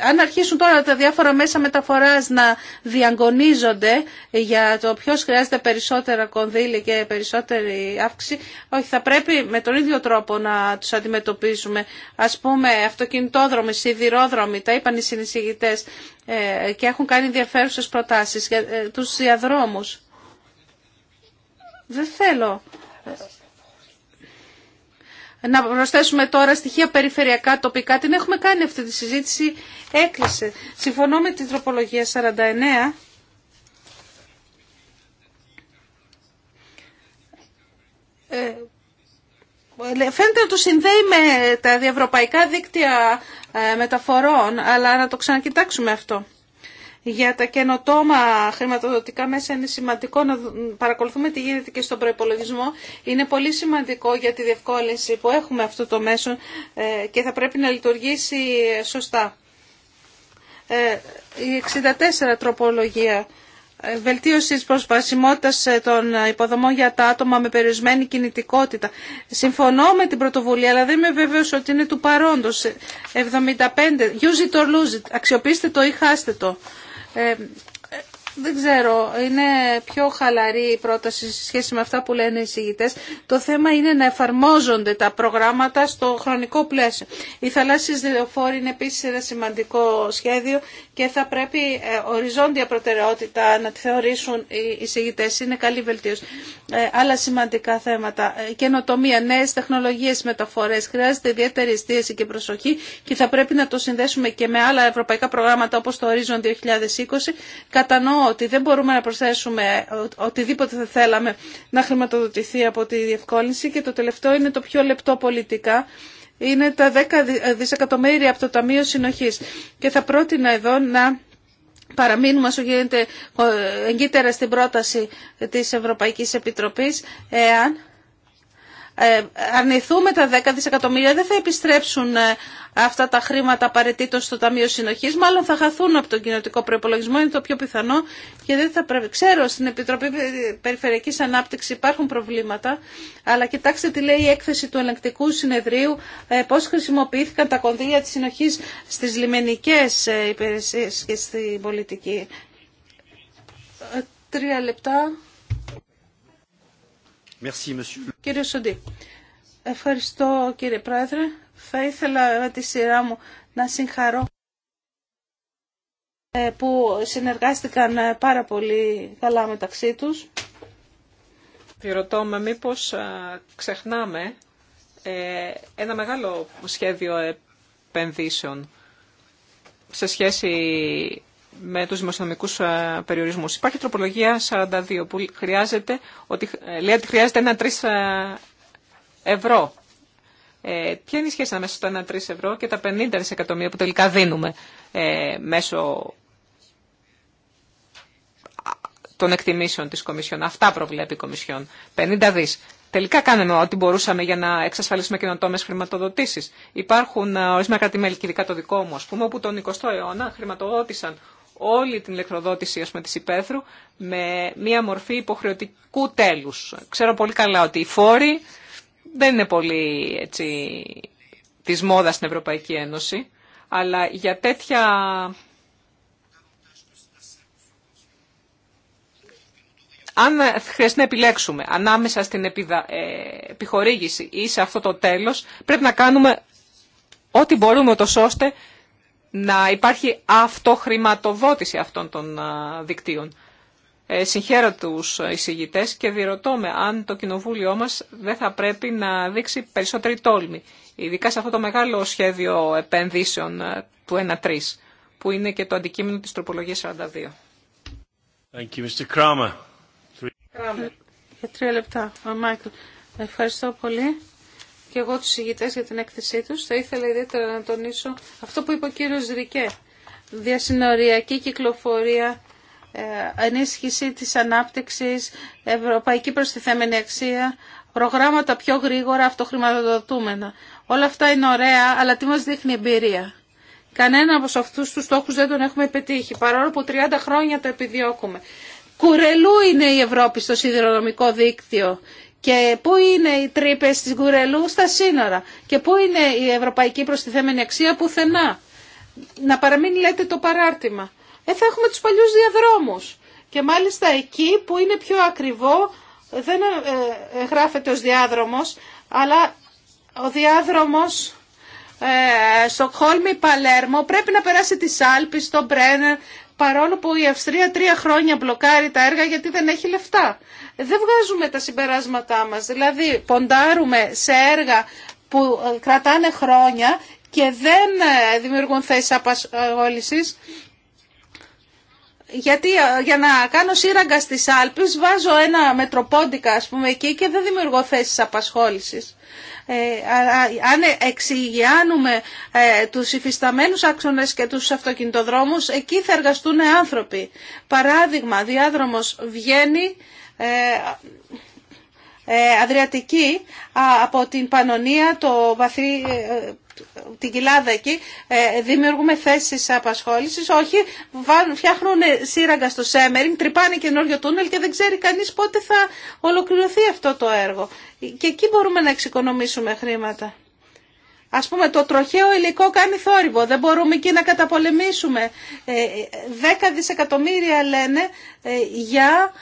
αν αρχίσουν τώρα τα διάφορα μέσα μεταφοράς να διαγωνίζονται για το ποιος χρειάζεται περισσότερα κονδύλια και περισσότερη αύξηση, όχι, θα πρέπει με τον ίδιο τρόπο να τους αντιμετωπίσουμε. Ας πούμε, αυτοκινητόδρομοι, σιδηρόδρομοι, τα είπαν οι συνεισηγητές ε, και έχουν κάνει ενδιαφέρουσε προτάσεις για ε, τους διαδρόμους. Δεν θέλω να προσθέσουμε τώρα στοιχεία περιφερειακά, τοπικά. Την έχουμε κάνει αυτή τη συζήτηση. Έκλεισε. Συμφωνώ με την τροπολογία 49. Ε, φαίνεται να το συνδέει με τα διευρωπαϊκά δίκτυα ε, μεταφορών, αλλά να το ξανακοιτάξουμε αυτό για τα καινοτόμα χρηματοδοτικά μέσα είναι σημαντικό να παρακολουθούμε τι γίνεται και στον προπολογισμό. Είναι πολύ σημαντικό για τη διευκόλυνση που έχουμε αυτό το μέσο ε, και θα πρέπει να λειτουργήσει ε, σωστά. Ε, η 64 τροπολογία βελτίωση τη προσβασιμότητας των υποδομών για τα άτομα με περιορισμένη κινητικότητα. Συμφωνώ με την πρωτοβουλία, αλλά δεν είμαι ότι είναι του παρόντο 75. Use it or lose it. Αξιοποιήστε το ή χάστε το. Εμ δεν ξέρω, είναι πιο χαλαρή η πρόταση σε σχέση με αυτά που λένε οι συγητέ. Το θέμα είναι να εφαρμόζονται τα προγράμματα στο χρονικό πλαίσιο. Οι θαλάσσιε λεωφόροι είναι επίση ένα σημαντικό σχέδιο και θα πρέπει ε, οριζόντια προτεραιότητα να τη θεωρήσουν οι συγητέ. Είναι καλή βελτίωση. Ε, άλλα σημαντικά θέματα. Ε, καινοτομία, νέε τεχνολογίε μεταφορέ. Χρειάζεται ιδιαίτερη εστίαση και προσοχή και θα πρέπει να το συνδέσουμε και με άλλα ευρωπαϊκά προγράμματα όπω το Horizon 2020. Κατανοώ ότι δεν μπορούμε να προσθέσουμε οτιδήποτε θα θέλαμε να χρηματοδοτηθεί από τη διευκόλυνση και το τελευταίο είναι το πιο λεπτό πολιτικά είναι τα 10 ε, δισεκατομμύρια από το Ταμείο Συνοχής και θα πρότεινα εδώ να παραμείνουμε όσο γίνεται ε, εγκύτερα στην πρόταση της Ευρωπαϊκής Επιτροπής εάν ε, αρνηθούμε τα 10 δισεκατομμύρια, δεν θα επιστρέψουν ε, αυτά τα χρήματα απαραίτητο στο Ταμείο Συνοχής, μάλλον θα χαθούν από τον κοινοτικό προπολογισμό, είναι το πιο πιθανό και δεν θα πρέπει. Ξέρω, στην Επιτροπή Περιφερειακής Ανάπτυξης υπάρχουν προβλήματα, αλλά κοιτάξτε τι λέει η έκθεση του ελεγκτικού συνεδρίου, ε, πώς χρησιμοποιήθηκαν τα κονδύλια της συνοχής στις λιμενικές υπηρεσίες και στην πολιτική. Τρία λεπτά. Κύριε Σοντή, ευχαριστώ κύριε Πρόεδρε. Θα ήθελα με τη σειρά μου να συγχαρώ ε, που συνεργάστηκαν ε, πάρα πολύ καλά μεταξύ τους. Διερωτώ με μήπως ε, ξεχνάμε ένα μεγάλο σχέδιο επενδύσεων σε σχέση με τους δημοσιονομικούς ε, περιορισμούς. Υπάρχει τροπολογία 42 που χρειάζεται, ότι, ε, λέει ότι χρειάζεται ένα 3 ε, ευρώ. Ε, ποια είναι η σχέση ανάμεσα στο 1-3 ευρώ και τα 50 δισεκατομμύρια που τελικά δίνουμε ε, μέσω των εκτιμήσεων της Κομισιόν. Αυτά προβλέπει η Κομισιόν. 50 δις. Τελικά κάναμε ό,τι μπορούσαμε για να εξασφαλίσουμε καινοτόμε χρηματοδοτήσει. Υπάρχουν ορισμένα κράτη-μέλη, ειδικά το δικό μου, α πούμε, όπου τον 20ο αιώνα χρηματοδότησαν όλη την ηλεκτροδότηση ας με της υπαίθρου με μία μορφή υποχρεωτικού τέλους. Ξέρω πολύ καλά ότι οι φόροι δεν είναι πολύ έτσι, της μόδας στην Ευρωπαϊκή Ένωση, αλλά για τέτοια αν χρειαστεί να επιλέξουμε ανάμεσα στην επιδα... Ε, επιχορήγηση ή σε αυτό το τέλος, πρέπει να κάνουμε ό,τι μπορούμε ούτως ώστε να υπάρχει αυτοχρηματοδότηση αυτών των δικτύων. Ε, συγχαίρω τους εισηγητές και διερωτώ με αν το κοινοβούλιο μας δεν θα πρέπει να δείξει περισσότερη τόλμη, ειδικά σε αυτό το μεγάλο σχέδιο επενδύσεων ε, του 1-3, που είναι και το αντικείμενο της τροπολογίας 42. Ευχαριστώ πολύ και εγώ τους ηγητές για την έκθεσή τους. Θα ήθελα ιδιαίτερα να τονίσω αυτό που είπε ο κύριος Ρικέ. Διασυνοριακή κυκλοφορία, ε, ενίσχυση της ανάπτυξης, ευρωπαϊκή προστιθέμενη αξία, προγράμματα πιο γρήγορα αυτοχρηματοδοτούμενα. Όλα αυτά είναι ωραία, αλλά τι μας δείχνει εμπειρία. Κανένα από αυτού του στόχου δεν τον έχουμε πετύχει, παρόλο που 30 χρόνια το επιδιώκουμε. Κουρελού είναι η Ευρώπη στο σιδηροδρομικό δίκτυο και πού είναι οι τρύπε τη Γκουρελού στα σύνορα. Και πού είναι η ευρωπαϊκή προστιθέμενη αξία πουθενά. Να παραμείνει λέτε το παράρτημα. Ε, θα έχουμε τους παλιούς διαδρόμους. Και μάλιστα εκεί που είναι πιο ακριβό, δεν ε, ε, γράφεται ως διάδρομος, αλλά ο διάδρομος ε, Στοκχόλμη-Παλέρμο πρέπει να περάσει τις Άλπεις, τον Μπρένερ, παρόλο που η Αυστρία τρία χρόνια μπλοκάρει τα έργα γιατί δεν έχει λεφτά. Δεν βγάζουμε τα συμπεράσματά μας, δηλαδή ποντάρουμε σε έργα που ε, κρατάνε χρόνια και δεν ε, δημιουργούν θέσεις απασχόλησης γιατί ε, για να κάνω σύραγγα στις Άλπεις βάζω ένα μετροπόντικα ας πούμε εκεί και δεν δημιουργώ θέσει απασχόλησης. Ε, αν εξηγιάνουμε ε, τους υφισταμένους άξονες και τους αυτοκινητοδρόμους, εκεί θα εργαστούν άνθρωποι. Παράδειγμα, διάδρομος βγαίνει... Ε, ε, Αδριατική από την Πανωνία, το βαθύ, ε, την κοιλάδα εκεί, ε, δημιουργούμε θέσεις απασχόλησης. Όχι, φτιάχνουν σύραγγα στο Σέμερινγκ, τρυπάνε καινούριο τούνελ και δεν ξέρει κανείς πότε θα ολοκληρωθεί αυτό το έργο. Και εκεί μπορούμε να εξοικονομήσουμε χρήματα. Ας πούμε το τροχαίο υλικό κάνει θόρυβο, δεν μπορούμε εκεί να καταπολεμήσουμε. Δέκα δισεκατομμύρια λένε για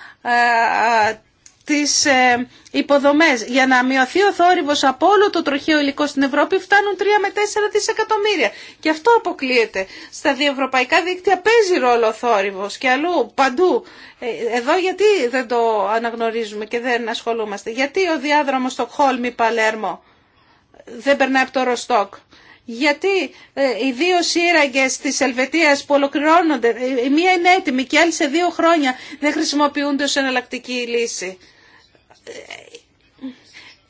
τις ε, υποδομές για να μειωθεί ο θόρυβος από όλο το τροχαίο υλικό στην Ευρώπη φτάνουν 3 με 4 δισεκατομμύρια. Και αυτό αποκλείεται. Στα διευρωπαϊκά δίκτυα παίζει ρόλο ο θόρυβος και αλλού, παντού. Ε, εδώ γιατί δεν το αναγνωρίζουμε και δεν ασχολούμαστε. Γιατί ο διάδρομος στο Χόλμη Παλέρμο δεν περνάει από το Ροστόκ. Γιατί ε, οι δύο σύραγγε τη Ελβετία που ολοκληρώνονται, η μία είναι έτοιμη και άλλη σε δύο χρόνια δεν χρησιμοποιούνται ω εναλλακτική λύση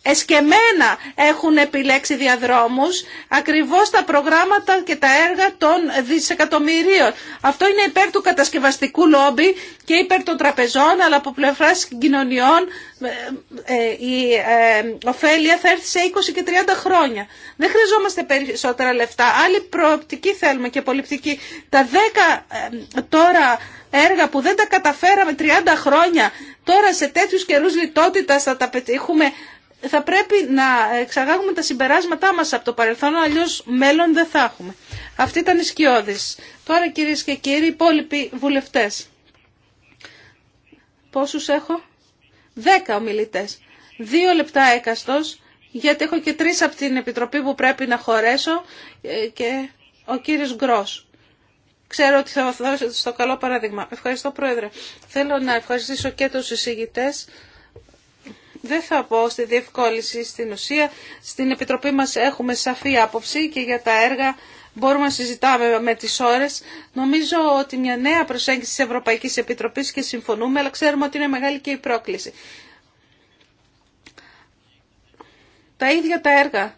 εσκεμένα έχουν επιλέξει διαδρόμους ακριβώς τα προγράμματα και τα έργα των δισεκατομμυρίων. Αυτό είναι υπέρ του κατασκευαστικού λόμπι και υπέρ των τραπεζών, αλλά από πλευρά κοινωνιών ε, ε, η ε, ωφέλεια θα έρθει σε 20 και 30 χρόνια. Δεν χρειαζόμαστε περισσότερα λεφτά. Άλλη προοπτική θέλουμε και πολιτική. Τα 10 τώρα έργα που δεν τα καταφέραμε 30 χρόνια, τώρα σε τέτοιους καιρούς λιτότητας θα τα πετύχουμε. Θα πρέπει να εξαγάγουμε τα συμπεράσματά μας από το παρελθόν, αλλιώς μέλλον δεν θα έχουμε. Αυτή ήταν η Σκιώδης. Τώρα κυρίες και κύριοι, υπόλοιποι βουλευτές. Πόσους έχω? Δέκα ομιλητές. Δύο λεπτά έκαστος, γιατί έχω και τρεις από την Επιτροπή που πρέπει να χωρέσω ε, και ο κύριος Γκρός. Ξέρω ότι θα δώσετε στο καλό παράδειγμα. Ευχαριστώ, Πρόεδρε. Θέλω να ευχαριστήσω και τους εισηγητές. Δεν θα πω στη διευκόλυση στην ουσία. Στην Επιτροπή μας έχουμε σαφή άποψη και για τα έργα μπορούμε να συζητάμε με τις ώρες. Νομίζω ότι μια νέα προσέγγιση της Ευρωπαϊκής Επιτροπής και συμφωνούμε, αλλά ξέρουμε ότι είναι μεγάλη και η πρόκληση. Τα ίδια τα έργα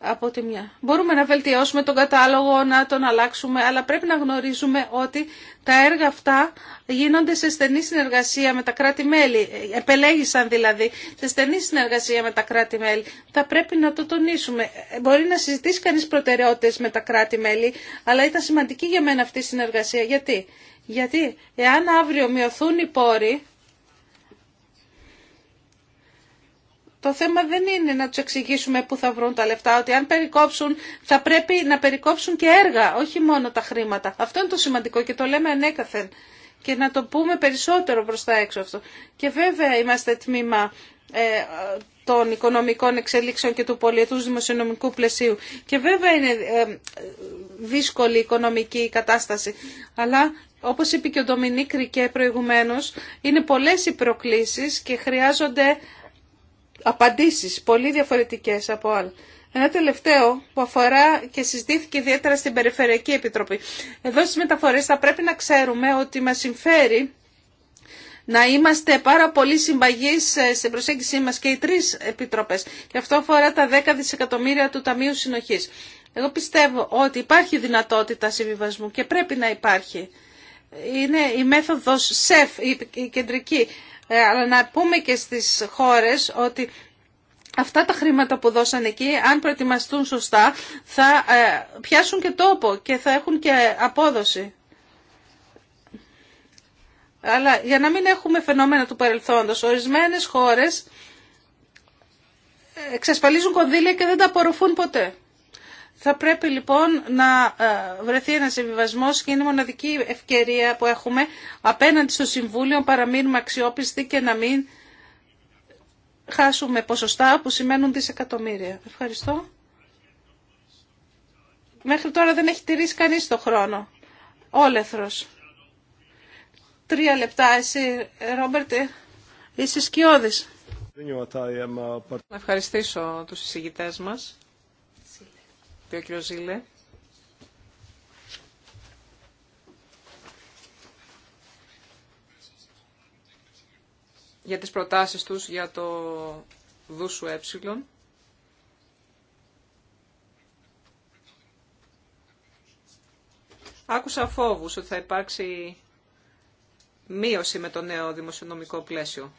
από τη μια. Μπορούμε να βελτιώσουμε τον κατάλογο, να τον αλλάξουμε, αλλά πρέπει να γνωρίζουμε ότι τα έργα αυτά γίνονται σε στενή συνεργασία με τα κράτη-μέλη. Επελέγησαν δηλαδή σε στενή συνεργασία με τα κράτη-μέλη. Θα πρέπει να το τονίσουμε. Μπορεί να συζητήσει κανείς προτεραιότητες με τα κράτη-μέλη, αλλά ήταν σημαντική για μένα αυτή η συνεργασία. Γιατί? Γιατί εάν αύριο μειωθούν οι πόροι, Το θέμα δεν είναι να τους εξηγήσουμε πού θα βρουν τα λεφτά, ότι αν περικόψουν θα πρέπει να περικόψουν και έργα, όχι μόνο τα χρήματα. Αυτό είναι το σημαντικό και το λέμε ανέκαθεν και να το πούμε περισσότερο προς τα έξω αυτό. Και βέβαια είμαστε τμήμα ε, των οικονομικών εξελίξεων και του πολιετούς δημοσιονομικού πλαισίου. Και βέβαια είναι ε, δύσκολη η οικονομική κατάσταση, αλλά όπως είπε και ο Ντομινίκ Ρικέ είναι πολλές οι προκλήσει και χρειάζονται απαντήσεις πολύ διαφορετικές από άλλα. Ένα τελευταίο που αφορά και συζητήθηκε ιδιαίτερα στην Περιφερειακή Επιτροπή. Εδώ στις μεταφορές θα πρέπει να ξέρουμε ότι μας συμφέρει να είμαστε πάρα πολύ συμπαγείς ε, στην προσέγγιση μας και οι τρεις επιτροπές. Και αυτό αφορά τα 10 δισεκατομμύρια του Ταμείου Συνοχής. Εγώ πιστεύω ότι υπάρχει δυνατότητα συμβιβασμού και πρέπει να υπάρχει. Είναι η μέθοδος ΣΕΦ, η κεντρική, ε, αλλά να πούμε και στις χώρες ότι αυτά τα χρήματα που δώσαν εκεί, αν προετοιμαστούν σωστά, θα ε, πιάσουν και τόπο και θα έχουν και απόδοση. Αλλά για να μην έχουμε φαινόμενα του παρελθόντος, ορισμένες χώρες ε, εξασφαλίζουν κονδύλια και δεν τα απορροφούν ποτέ. Θα πρέπει λοιπόν να ε, βρεθεί ένα συμβιβασμό και είναι η μοναδική ευκαιρία που έχουμε απέναντι στο Συμβούλιο παραμείνουμε αξιόπιστοι και να μην χάσουμε ποσοστά που σημαίνουν δισεκατομμύρια. Ευχαριστώ. Μέχρι τώρα δεν έχει τηρήσει κανείς το χρόνο. Όλεθρος. Τρία λεπτά εσύ, Ρόμπερτ, είσαι σκιώδης. Να ευχαριστήσω τους εισηγητές μας ο για τις προτάσεις τους για το δούσου ε. Άκουσα φόβους ότι θα υπάρξει μείωση με το νέο δημοσιονομικό πλαίσιο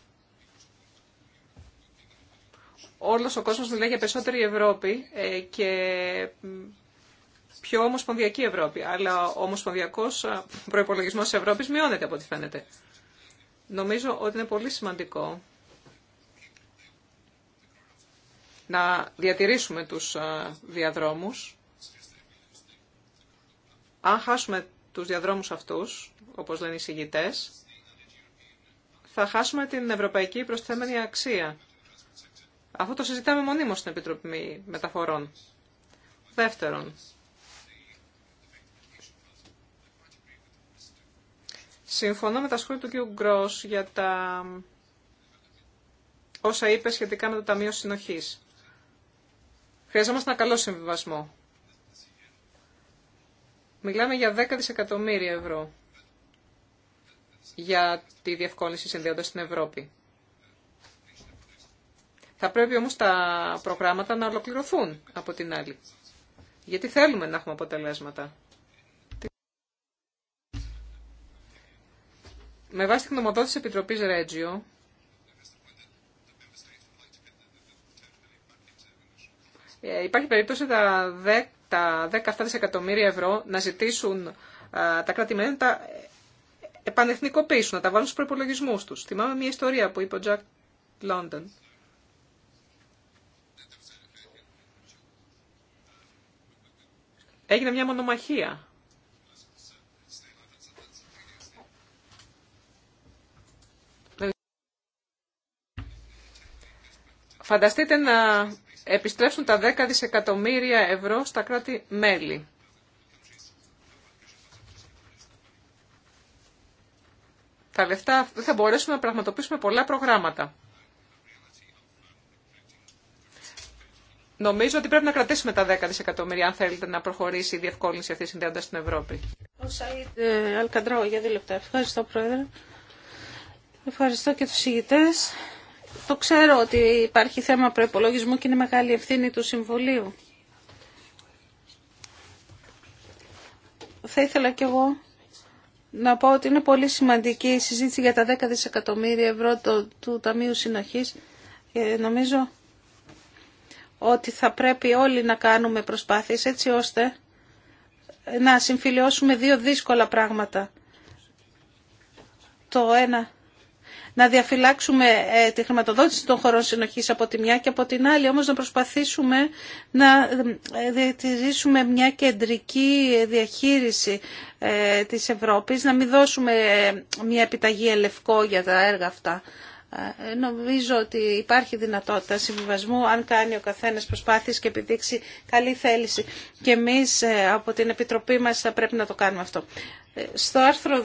όλος ο κόσμος μιλάει για περισσότερη Ευρώπη ε, και πιο ομοσπονδιακή Ευρώπη. Αλλά ο ομοσπονδιακός προϋπολογισμός της Ευρώπης μειώνεται από ό,τι φαίνεται. Νομίζω ότι είναι πολύ σημαντικό να διατηρήσουμε τους διαδρόμους. Αν χάσουμε τους διαδρόμους αυτούς, όπως λένε οι συγητές, θα χάσουμε την ευρωπαϊκή προσθέμενη αξία αυτό το συζητάμε μονίμως στην Επιτροπή Μεταφορών. Δεύτερον, συμφωνώ με τα σχόλια του κ. Γκρός για τα όσα είπε σχετικά με το Ταμείο Συνοχής. Χρειαζόμαστε ένα καλό συμβιβασμό. Μιλάμε για 10 δισεκατομμύρια ευρώ για τη διευκόλυνση συνδέοντας στην Ευρώπη. Θα πρέπει όμως τα προγράμματα να ολοκληρωθούν από την άλλη. Γιατί θέλουμε να έχουμε αποτελέσματα. Με βάση την νομοδότηση της Επιτροπής Ρέτζιο, ε, υπάρχει περίπτωση τα 10, τα δισεκατομμύρια ευρώ να ζητήσουν ε, τα κρατημένα να τα επανεθνικοποιήσουν, να τα βάλουν στους προπολογισμού τους. Θυμάμαι μια ιστορία που είπε ο Τζακ Λόντον Έγινε μια μονομαχία. Φανταστείτε να επιστρέψουν τα 10 δισεκατομμύρια ευρώ στα κράτη-μέλη. Τα λεφτά δεν θα μπορέσουμε να πραγματοποιήσουμε πολλά προγράμματα. Νομίζω ότι πρέπει να κρατήσουμε τα 10 δισεκατομμύρια αν θέλετε να προχωρήσει η διευκόλυνση αυτή συνδέοντας στην Ευρώπη. Ο Σαΐτ ε, Αλκαντράου για δύο λεπτά. Ευχαριστώ Πρόεδρε. Ευχαριστώ και τους ηγητές. Το ξέρω ότι υπάρχει θέμα προπολογισμού και είναι μεγάλη ευθύνη του Συμβουλίου. Θα ήθελα κι εγώ να πω ότι είναι πολύ σημαντική η συζήτηση για τα 10 δισεκατομμύρια ευρώ του Ταμείου Συνοχής. Ε, νομίζω ότι θα πρέπει όλοι να κάνουμε προσπάθειες έτσι ώστε να συμφιλιώσουμε δύο δύσκολα πράγματα. Το ένα, να διαφυλάξουμε ε, τη χρηματοδότηση των χωρών συνοχής από τη μια και από την άλλη, όμως να προσπαθήσουμε να ε, διατηρήσουμε μια κεντρική διαχείριση ε, της Ευρώπης, να μην δώσουμε μια επιταγή ελευκό για τα έργα αυτά. Ε, νομίζω ότι υπάρχει δυνατότητα συμβιβασμού αν κάνει ο καθένας προσπάθειες και επιδείξει καλή θέληση. Και εμείς ε, από την Επιτροπή μας θα πρέπει να το κάνουμε αυτό. Ε, στο άρθρο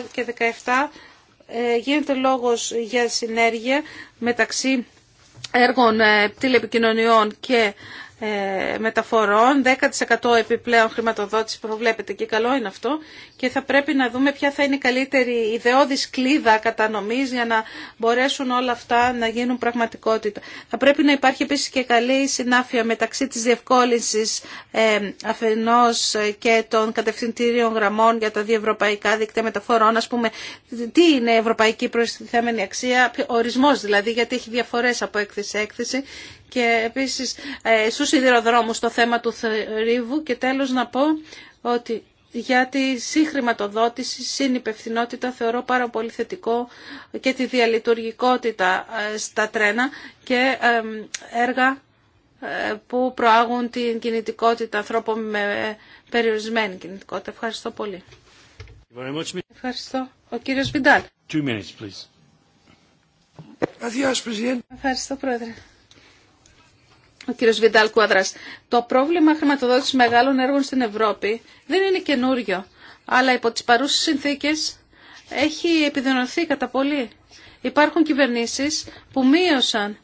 10 και 17 γίνεται λόγος για συνέργεια μεταξύ έργων τηλεπικοινωνιών και ε, μεταφορών, 10% επιπλέον χρηματοδότηση βλέπετε και καλό είναι αυτό και θα πρέπει να δούμε ποια θα είναι η καλύτερη ιδεώδη κλίδα κατανομής για να μπορέσουν όλα αυτά να γίνουν πραγματικότητα. Θα πρέπει να υπάρχει επίσης και καλή συνάφεια μεταξύ της διευκόλυνσης ε, αφενός ε, και των κατευθυντήριων γραμμών για τα διευρωπαϊκά δίκτυα μεταφορών, ας πούμε τι είναι ευρωπαϊκή προστιθέμενη αξία, ορισμός δηλαδή γιατί έχει διαφορές από έκθεση σε έκθεση και επίσης ε, στους σιδηροδρόμους το θέμα του θρύβου και τέλος να πω ότι για τη συγχρηματοδότηση, συνυπευθυνότητα θεωρώ πάρα πολύ θετικό και τη διαλειτουργικότητα ε, στα τρένα και έργα ε, που προάγουν την κινητικότητα ανθρώπων με περιορισμένη κινητικότητα. Ευχαριστώ πολύ. Ευχαριστώ. Ο κύριος Βιντάλ. Ευχαριστώ, Πρόεδρε ο κύριος Βιντάλ Κουαδράς. Το πρόβλημα χρηματοδότησης μεγάλων έργων στην Ευρώπη δεν είναι καινούριο, αλλά υπό τις παρούσες συνθήκες έχει επιδεινωθεί κατά πολύ. Υπάρχουν κυβερνήσεις που μείωσαν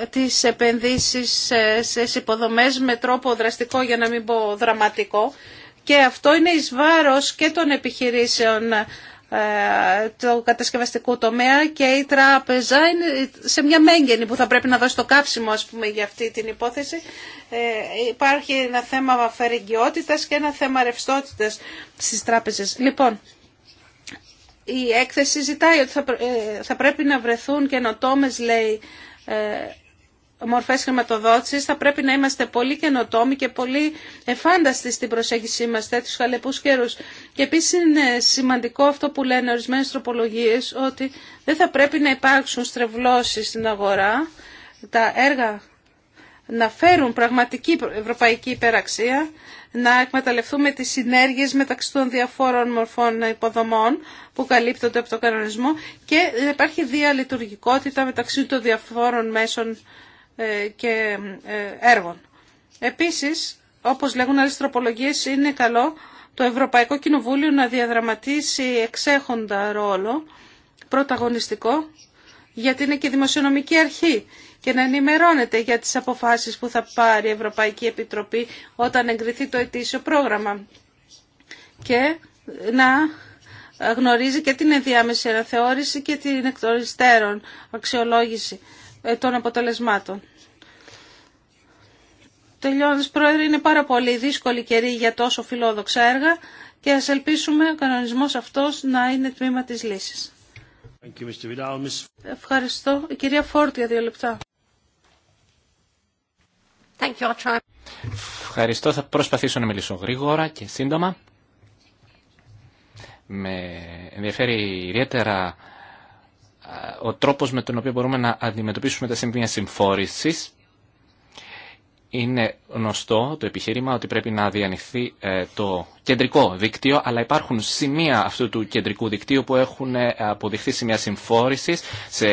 ε, τις επενδύσεις σε υποδομές με τρόπο δραστικό για να μην πω δραματικό και αυτό είναι εις βάρος και των επιχειρήσεων ε, του κατασκευαστικού τομέα και η τράπεζα είναι σε μια μέγενη που θα πρέπει να δώσει το κάψιμο ας πούμε, για αυτή την υπόθεση. Ε, υπάρχει ένα θέμα αφαιρεγγιότητας και ένα θέμα ρευστότητας στις τράπεζες. Λοιπόν, η έκθεση ζητάει ότι θα, ε, θα πρέπει να βρεθούν καινοτόμε λέει, ε, μορφές χρηματοδότησης θα πρέπει να είμαστε πολύ καινοτόμοι και πολύ εφάνταστοι στην προσέγγιση μας τέτοιους χαλεπούς καιρούς. Και επίσης είναι σημαντικό αυτό που λένε ορισμένες τροπολογίες ότι δεν θα πρέπει να υπάρξουν στρεβλώσεις στην αγορά, τα έργα να φέρουν πραγματική ευρωπαϊκή υπεραξία, να εκμεταλλευτούμε τις συνέργειες μεταξύ των διαφόρων μορφών υποδομών που καλύπτονται από το κανονισμό και υπάρχει διαλειτουργικότητα μεταξύ των διαφόρων μέσων ε, και ε, έργων. Επίσης, όπως λέγουν άλλες τροπολογίες, είναι καλό το Ευρωπαϊκό Κοινοβούλιο να διαδραματίσει εξέχοντα ρόλο πρωταγωνιστικό, γιατί είναι και δημοσιονομική αρχή και να ενημερώνεται για τις αποφάσεις που θα πάρει η Ευρωπαϊκή Επιτροπή όταν εγκριθεί το ετήσιο πρόγραμμα και να γνωρίζει και την ενδιάμεση αναθεώρηση και την εκτοριστέρων αξιολόγηση ε, των αποτελεσμάτων. Τελειώνοντας, Πρόεδρε, είναι πάρα πολύ δύσκολη καιρή για τόσο φιλόδοξα έργα και ας ελπίσουμε ο κανονισμός αυτός να είναι τμήμα της λύσης. Ευχαριστώ. Η κυρία Φόρτ για δύο λεπτά. Ευχαριστώ. Θα προσπαθήσω να μιλήσω γρήγορα και σύντομα. Με ενδιαφέρει ιδιαίτερα ο τρόπος με τον οποίο μπορούμε να αντιμετωπίσουμε τα σημεία συμφόρηση είναι γνωστό το επιχείρημα ότι πρέπει να ε, το κεντρικό δίκτυο, αλλά υπάρχουν σημεία αυτού του κεντρικού δικτύου που έχουν ε, αποδειχθεί σημεία συμφόρησης σε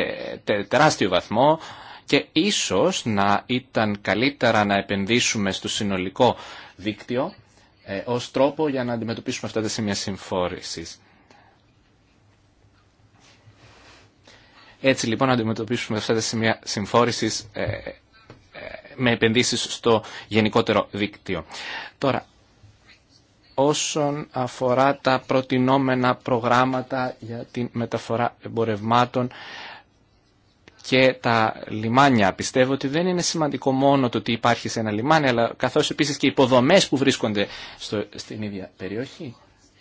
τεράστιο βαθμό και ίσως να ήταν καλύτερα να επενδύσουμε στο συνολικό δίκτυο ε, ως τρόπο για να αντιμετωπίσουμε αυτά τα σημεία συμφόρησης. Έτσι λοιπόν να αντιμετωπίσουμε αυτά τα σημεία συμφόρησης ε, ε, με επενδύσεις στο γενικότερο δίκτυο. Τώρα, όσον αφορά τα προτινόμενα προγράμματα για τη μεταφορά εμπορευμάτων και τα λιμάνια. Πιστεύω ότι δεν είναι σημαντικό μόνο το ότι υπάρχει σε ένα λιμάνι, αλλά καθώς επίσης και οι υποδομές που βρίσκονται στο, στην ίδια περιοχή,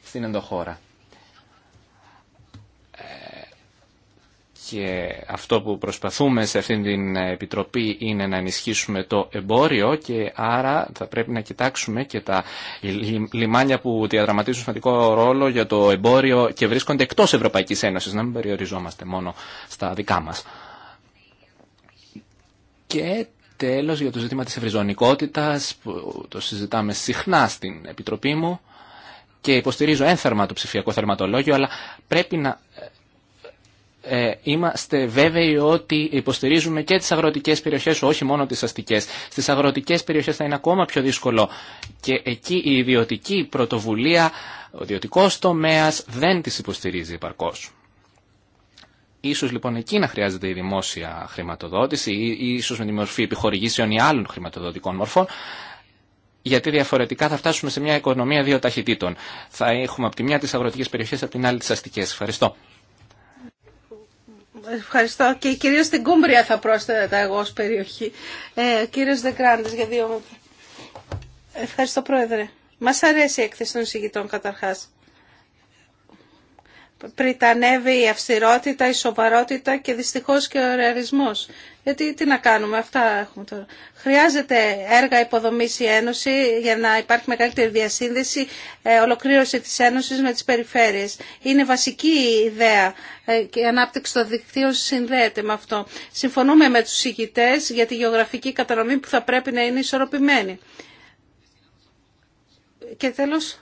στην ενδοχώρα. και αυτό που προσπαθούμε σε αυτήν την επιτροπή είναι να ενισχύσουμε το εμπόριο και άρα θα πρέπει να κοιτάξουμε και τα λιμάνια που διαδραματίζουν σημαντικό ρόλο για το εμπόριο και βρίσκονται εκτός Ευρωπαϊκής Ένωσης, να μην περιοριζόμαστε μόνο στα δικά μας. Και τέλος για το ζήτημα της ευρυζωνικότητας που το συζητάμε συχνά στην επιτροπή μου και υποστηρίζω ένθερμα το ψηφιακό θερματολόγιο αλλά πρέπει να ε, είμαστε βέβαιοι ότι υποστηρίζουμε και τις αγροτικές περιοχές, όχι μόνο τις αστικές. Στις αγροτικές περιοχές θα είναι ακόμα πιο δύσκολο και εκεί η ιδιωτική πρωτοβουλία, ο ιδιωτικό τομέα δεν τις υποστηρίζει επαρκώς. Ίσως λοιπόν εκεί να χρειάζεται η δημόσια χρηματοδότηση ή ίσως με τη μορφή επιχορηγήσεων ή άλλων χρηματοδοτικών μορφών γιατί διαφορετικά θα φτάσουμε σε μια οικονομία δύο ταχυτήτων. Θα έχουμε από τη μια τις αγροτικές περιοχές, από την άλλη τις αστικές. Ευχαριστώ. Ευχαριστώ και κυρίως στην Κούμπρια θα πρόσθετα εγώ ως περιοχή. Ε, κύριος Δεκράντης για δύο μέτρα. Ευχαριστώ Πρόεδρε. Μας αρέσει η έκθεση των συγκητών καταρχάς πριτανεύει η αυστηρότητα, η σοβαρότητα και δυστυχώς και ο ρεαλισμός. Γιατί τι να κάνουμε, αυτά έχουμε τώρα. Χρειάζεται έργα υποδομής η Ένωση για να υπάρχει μεγαλύτερη διασύνδεση, ε, ολοκλήρωση της Ένωσης με τις περιφέρειες. Είναι βασική η ιδέα ε, και η ανάπτυξη των δικτύων συνδέεται με αυτό. Συμφωνούμε με τους ηγητές για τη γεωγραφική κατανομή που θα πρέπει να είναι ισορροπημένη. Και τέλος,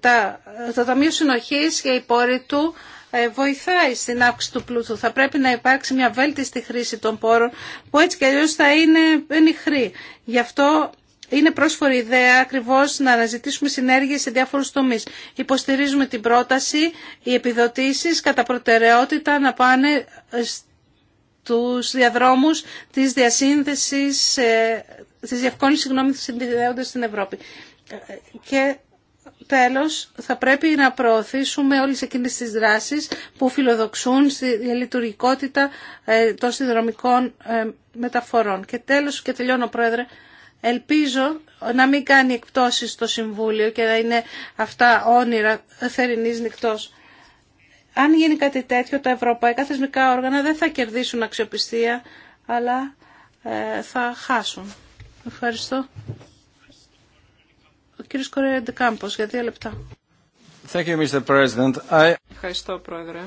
τα, το Ταμείο συνοχή και η πόρη του ε, βοηθάει στην αύξηση του πλούτου. Θα πρέπει να υπάρξει μια βέλτιστη χρήση των πόρων που έτσι και αλλιώς θα είναι ενιχρή. Γι' αυτό είναι πρόσφορη ιδέα ακριβώ να αναζητήσουμε συνέργειε σε διάφορου τομεί. Υποστηρίζουμε την πρόταση, οι επιδοτήσει κατά προτεραιότητα να πάνε στους διαδρόμους της διασύνδεσης, ε, της διευκόλυνσης συγγνώμη, συνδέοντας στην Ευρώπη. Ε, και Τέλος, θα πρέπει να προωθήσουμε όλες εκείνες τις δράσεις που φιλοδοξούν στη λειτουργικότητα ε, των συνδρομικών ε, μεταφορών. Και τέλος, και τελειώνω Πρόεδρε, ελπίζω να μην κάνει εκπτώσεις στο Συμβούλιο και να είναι αυτά όνειρα θερινής νυχτός. Αν γίνει κάτι τέτοιο, τα ευρωπαϊκά θεσμικά όργανα δεν θα κερδίσουν αξιοπιστία, αλλά ε, θα χάσουν. Ευχαριστώ. Ο κύριος Κορέα Ντεκάμπος για δύο λεπτά. Thank you, Mr. President. I... Ευχαριστώ, Πρόεδρε.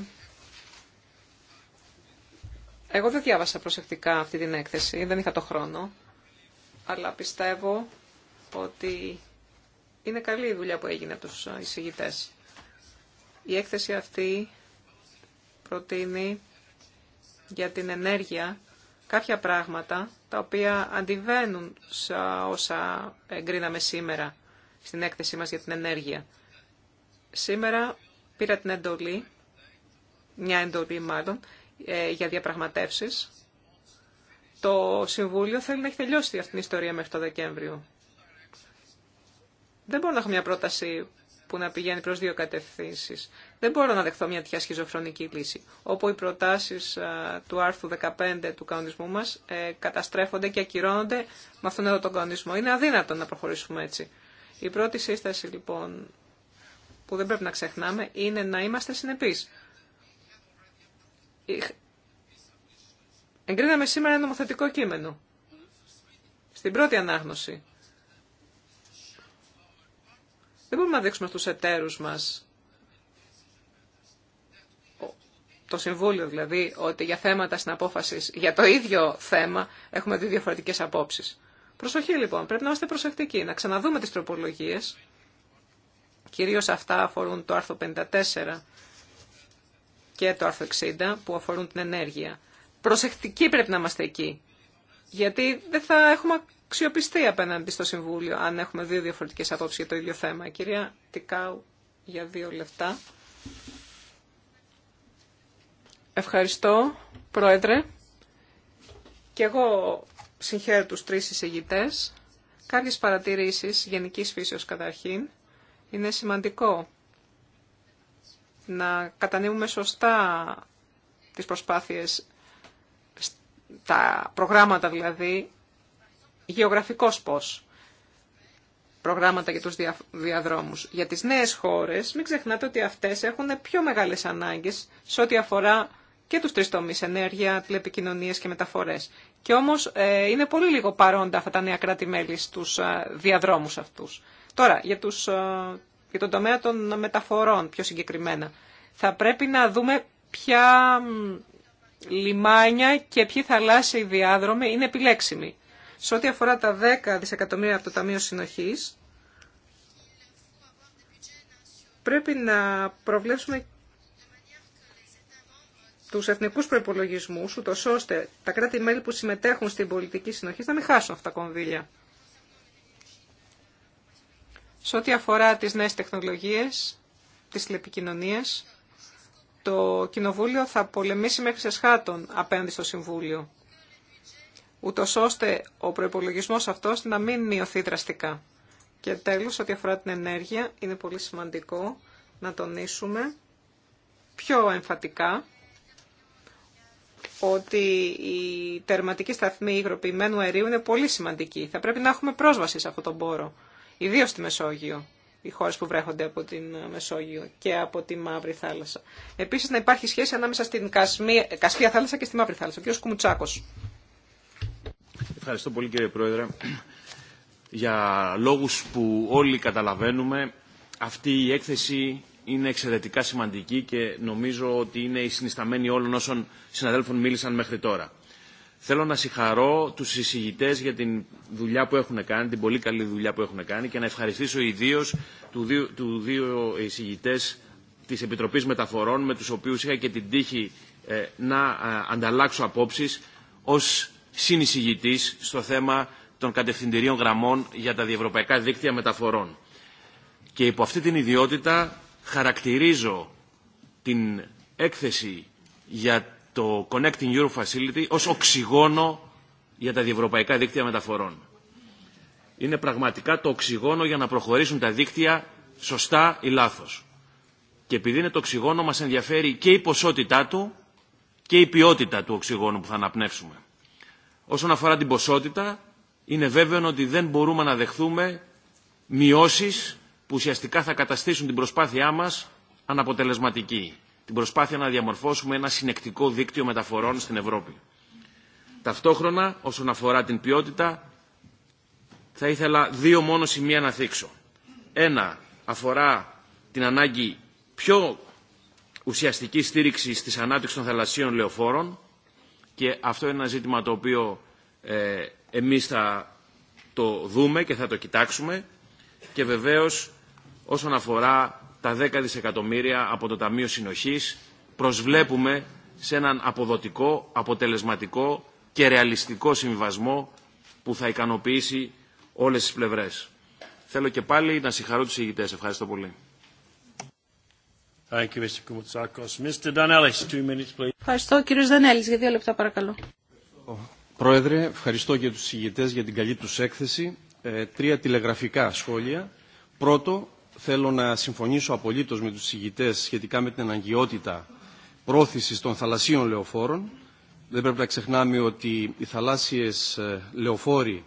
Εγώ δεν διάβασα προσεκτικά αυτή την έκθεση, δεν είχα το χρόνο, αλλά πιστεύω ότι είναι καλή η δουλειά που έγινε από τους εισηγητές. Η έκθεση αυτή προτείνει για την ενέργεια κάποια πράγματα τα οποία αντιβαίνουν σε όσα εγκρίναμε σήμερα στην έκθεσή μας για την ενέργεια. Σήμερα πήρα την εντολή, μια εντολή μάλλον, ε, για διαπραγματεύσεις. Το Συμβούλιο θέλει να έχει τελειώσει αυτήν την ιστορία μέχρι το Δεκέμβριο. Δεν μπορώ να έχω μια πρόταση που να πηγαίνει προς δύο κατευθύνσεις. Δεν μπορώ να δεχθώ μια τέτοια σχιζοφρονική λύση, όπου οι προτάσεις του άρθρου 15 του κανονισμού μας ε, καταστρέφονται και ακυρώνονται με αυτόν εδώ τον κανονισμό. Είναι αδύνατο να προχωρήσουμε έτσι. Η πρώτη σύσταση λοιπόν που δεν πρέπει να ξεχνάμε είναι να είμαστε συνεπείς. Εγκρίναμε σήμερα ένα νομοθετικό κείμενο. Στην πρώτη ανάγνωση. Δεν μπορούμε να δείξουμε στους εταίρους μας το Συμβούλιο δηλαδή, ότι για θέματα συναπόφασης για το ίδιο θέμα, έχουμε δύο διαφορετικές απόψεις. Προσοχή λοιπόν, πρέπει να είμαστε προσεκτικοί, να ξαναδούμε τις τροπολογίες, κυρίως αυτά αφορούν το άρθρο 54 και το άρθρο 60 που αφορούν την ενέργεια. Προσεκτικοί πρέπει να είμαστε εκεί, γιατί δεν θα έχουμε αξιοπιστεί απέναντι στο Συμβούλιο αν έχουμε δύο διαφορετικές απόψεις για το ίδιο θέμα. Κυρία Τικάου, για δύο λεπτά. Ευχαριστώ, Πρόεδρε. Και εγώ συγχαίρω τους τρεις εισηγητές. Κάποιες παρατηρήσεις γενικής φύσεως καταρχήν. Είναι σημαντικό να κατανοούμε σωστά τις προσπάθειες, τα προγράμματα δηλαδή, γεωγραφικός πώς προγράμματα για τους διαδρόμους. Για τις νέες χώρες, μην ξεχνάτε ότι αυτές έχουν πιο μεγάλες ανάγκες σε ό,τι αφορά και τους τρεις τομείς, ενέργεια, τηλεπικοινωνίες και μεταφορές. Και όμως ε, είναι πολύ λίγο παρόντα αυτά τα νέα κράτη-μέλη στους ε, διαδρόμους αυτούς. Τώρα, για, τους, ε, για τον τομέα των μεταφορών πιο συγκεκριμένα, θα πρέπει να δούμε ποια λιμάνια και ποιοι θαλάσσιοι διάδρομοι είναι επιλέξιμοι. Σε ό,τι αφορά τα 10 δισεκατομμύρια από το Ταμείο Συνοχής, πρέπει να προβλέψουμε τους εθνικούς προϋπολογισμούς, ούτως ώστε τα κράτη-μέλη που συμμετέχουν στην πολιτική συνοχή να μην χάσουν αυτά τα κονδύλια. Σε ό,τι αφορά τις νέες τεχνολογίες, τις τηλεπικοινωνίες, το Κοινοβούλιο θα πολεμήσει μέχρι σε σχάτων απέναντι στο Συμβούλιο, ούτω ώστε ο προπολογισμό αυτός να μην μειωθεί δραστικά. Και τέλος, ό,τι αφορά την ενέργεια, είναι πολύ σημαντικό να τονίσουμε πιο εμφατικά ότι η τερματική σταθμή υγροποιημένου αερίου είναι πολύ σημαντική. Θα πρέπει να έχουμε πρόσβαση σε αυτόν τον πόρο, ιδίω στη Μεσόγειο, οι χώρε που βρέχονται από τη Μεσόγειο και από τη Μαύρη Θάλασσα. Επίση, να υπάρχει σχέση ανάμεσα στην Κασμία, Κασπία Θάλασσα και στη Μαύρη Θάλασσα. Ο κ. Κουμουτσάκο. Ευχαριστώ πολύ, κύριε Πρόεδρε. Για λόγους που όλοι καταλαβαίνουμε, αυτή η έκθεση είναι εξαιρετικά σημαντική και νομίζω ότι είναι η συνισταμένη όλων όσων συναδέλφων μίλησαν μέχρι τώρα. Θέλω να συγχαρώ του εισηγητέ για την δουλειά που έχουν κάνει, την πολύ καλή δουλειά που έχουν κάνει και να ευχαριστήσω ιδίω του, του δύο ε, εισηγητές τη Επιτροπή Μεταφορών με του οποίου είχα και την τύχη ε, να ε, ανταλλάξω απόψει ω συνεισηγητή στο θέμα των κατευθυντηρίων γραμμών για τα διευρωπαϊκά δίκτυα μεταφορών. Και υπό αυτή την ιδιότητα χαρακτηρίζω την έκθεση για το Connecting Europe Facility ως οξυγόνο για τα διευρωπαϊκά δίκτυα μεταφορών. Είναι πραγματικά το οξυγόνο για να προχωρήσουν τα δίκτυα σωστά ή λάθος. Και επειδή είναι το οξυγόνο μας ενδιαφέρει και η ποσότητά του και η ποιότητα του οξυγόνου που θα αναπνεύσουμε. Όσον αφορά την ποσότητα, είναι βέβαιο ότι δεν μπορούμε να δεχθούμε μειώσεις που ουσιαστικά θα καταστήσουν την προσπάθειά μας αναποτελεσματική. Την προσπάθεια να διαμορφώσουμε ένα συνεκτικό δίκτυο μεταφορών στην Ευρώπη. Ταυτόχρονα, όσον αφορά την ποιότητα, θα ήθελα δύο μόνο σημεία να θίξω. Ένα αφορά την ανάγκη πιο ουσιαστική στήριξη της ανάπτυξης των θαλασσίων λεωφόρων και αυτό είναι ένα ζήτημα το οποίο ε, εμείς θα το δούμε και θα το κοιτάξουμε και βεβαίως όσον αφορά τα 10 δισεκατομμύρια από το Ταμείο Συνοχής προσβλέπουμε σε έναν αποδοτικό, αποτελεσματικό και ρεαλιστικό συμβιβασμό που θα ικανοποιήσει όλες τις πλευρές. Θέλω και πάλι να συγχαρώ τους ηγητές. Ευχαριστώ πολύ. Thank you, Mr. Mr. Danelis, two minutes, please. Ευχαριστώ κύριος Δανέλης για δύο λεπτά παρακαλώ. Πρόεδρε, ευχαριστώ και τους ηγητές για την καλή τους έκθεση. Ε, τρία τηλεγραφικά σχόλια. Πρώτο, θέλω να συμφωνήσω απολύτως με τους συγητές σχετικά με την αναγκαιότητα πρόθεσης των θαλασσίων λεωφόρων. Δεν πρέπει να ξεχνάμε ότι οι θαλάσσιες ε, λεωφόροι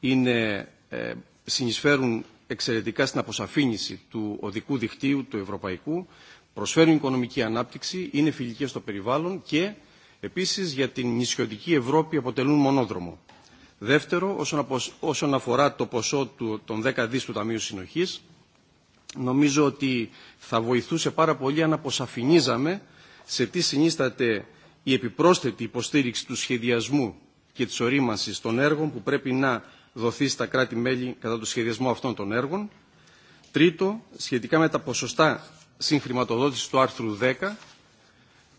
είναι, ε, συνεισφέρουν εξαιρετικά στην αποσαφήνιση του οδικού δικτύου του ευρωπαϊκού, προσφέρουν οικονομική ανάπτυξη, είναι φιλικές στο περιβάλλον και επίσης για την νησιωτική Ευρώπη αποτελούν μονόδρομο. Δεύτερο, όσον αφορά το ποσό των 10 δις του Ταμείου Συνοχής, Νομίζω ότι θα βοηθούσε πάρα πολύ αν αποσαφηνίζαμε σε τι συνίσταται η επιπρόσθετη υποστήριξη του σχεδιασμού και της ορίμανσης των έργων που πρέπει να δοθεί στα κράτη-μέλη κατά το σχεδιασμό αυτών των έργων. Τρίτο, σχετικά με τα ποσοστά συγχρηματοδότησης του άρθρου 10,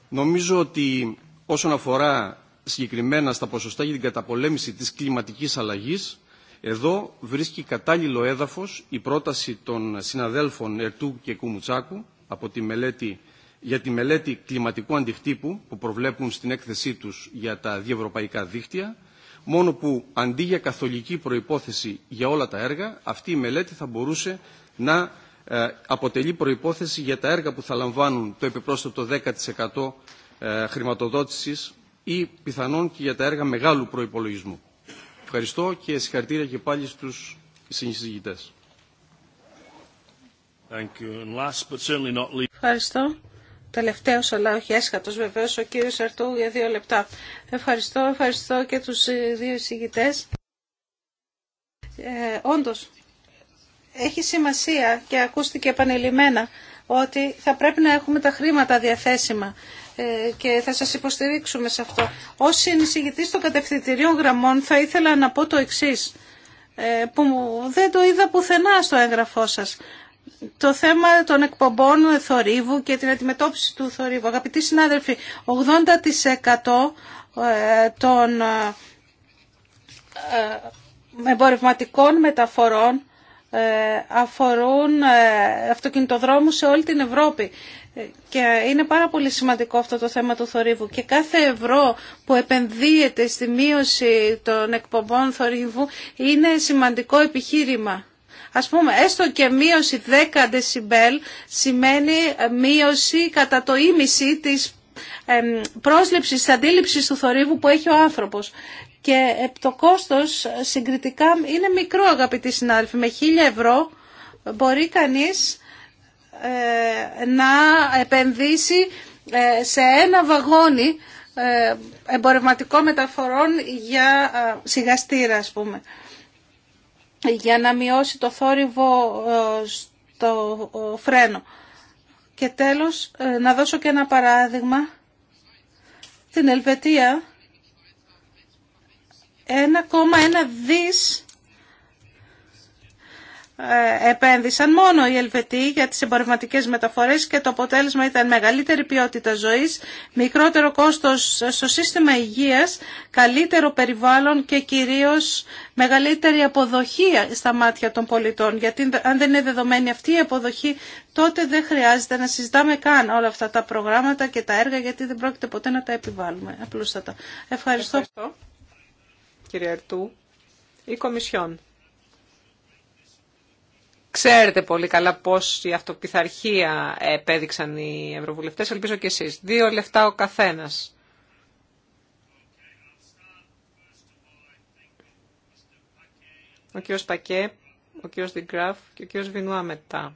νομίζω ότι όσον αφορά συγκεκριμένα στα ποσοστά για την καταπολέμηση της κλιματικής αλλαγής, εδώ βρίσκει κατάλληλο έδαφος η πρόταση των συναδέλφων Ερτού και Κουμουτσάκου από τη μελέτη, για τη μελέτη κλιματικού αντιχτύπου που προβλέπουν στην έκθεσή τους για τα διευρωπαϊκά δίκτυα, μόνο που αντί για καθολική προϋπόθεση για όλα τα έργα, αυτή η μελέτη θα μπορούσε να ε, αποτελεί προϋπόθεση για τα έργα που θα λαμβάνουν το επιπρόσθετο 10% ε, χρηματοδότησης ή πιθανόν και για τα έργα μεγάλου προϋπολογισμού. Ευχαριστώ και συγχαρητήρια και πάλι στους συνεισηγητές. Ευχαριστώ. Τελευταίο, αλλά όχι έσχατο βεβαίω, ο κύριο Αρτού για δύο λεπτά. Ευχαριστώ, ευχαριστώ και του ε, δύο εισηγητέ. Ε, Όντω, έχει σημασία και ακούστηκε επανειλημμένα ότι θα πρέπει να έχουμε τα χρήματα διαθέσιμα ε, και θα σας υποστηρίξουμε σε αυτό. Ως συνεισηγητής των κατευθυντηρίων γραμμών θα ήθελα να πω το εξής, ε, που δεν το είδα πουθενά στο έγγραφό σας. Το θέμα των εκπομπών θορύβου και την αντιμετώπιση του θορύβου. Αγαπητοί συνάδελφοι, 80% ε, των εμπορευματικών μεταφορών αφορούν αυτοκινητοδρόμους σε όλη την Ευρώπη. Και είναι πάρα πολύ σημαντικό αυτό το θέμα του θορύβου. Και κάθε ευρώ που επενδύεται στη μείωση των εκπομπών θορύβου είναι σημαντικό επιχείρημα. Ας πούμε, έστω και μείωση 10 δεσιμπέλ σημαίνει μείωση κατά το ίμιση της πρόσληψης, της αντίληψης του θορύβου που έχει ο άνθρωπος. Και το κόστος συγκριτικά είναι μικρό, αγαπητοί συνάδελφοι. Με 1000 ευρώ μπορεί κανείς ε, να επενδύσει ε, σε ένα βαγόνι ε, εμπορευματικό μεταφορών για σιγαστήρα ας πούμε για να μειώσει το θόρυβο στο φρένο. Και τέλος, να δώσω και ένα παράδειγμα. Την Ελβετία 1,1 δις ε, επένδυσαν μόνο οι Ελβετοί για τις εμπορευματικέ μεταφορές και το αποτέλεσμα ήταν μεγαλύτερη ποιότητα ζωής, μικρότερο κόστος στο σύστημα υγείας, καλύτερο περιβάλλον και κυρίως μεγαλύτερη αποδοχή στα μάτια των πολιτών. Γιατί αν δεν είναι δεδομένη αυτή η αποδοχή, τότε δεν χρειάζεται να συζητάμε καν όλα αυτά τα προγράμματα και τα έργα, γιατί δεν πρόκειται ποτέ να τα επιβάλλουμε. Απλούστατα. Ευχαριστώ. Ευχαριστώ. Κύριε Ερτού, η Κομισιόν. Ξέρετε πολύ καλά πώς η αυτοπιθαρχία επέδειξαν οι ευρωβουλευτές, ελπίζω και εσείς. Δύο λεφτά ο καθένας. Ο κύριος Πακέ, ο κύριος Διγκράφ και ο κύριος Βινουά μετά.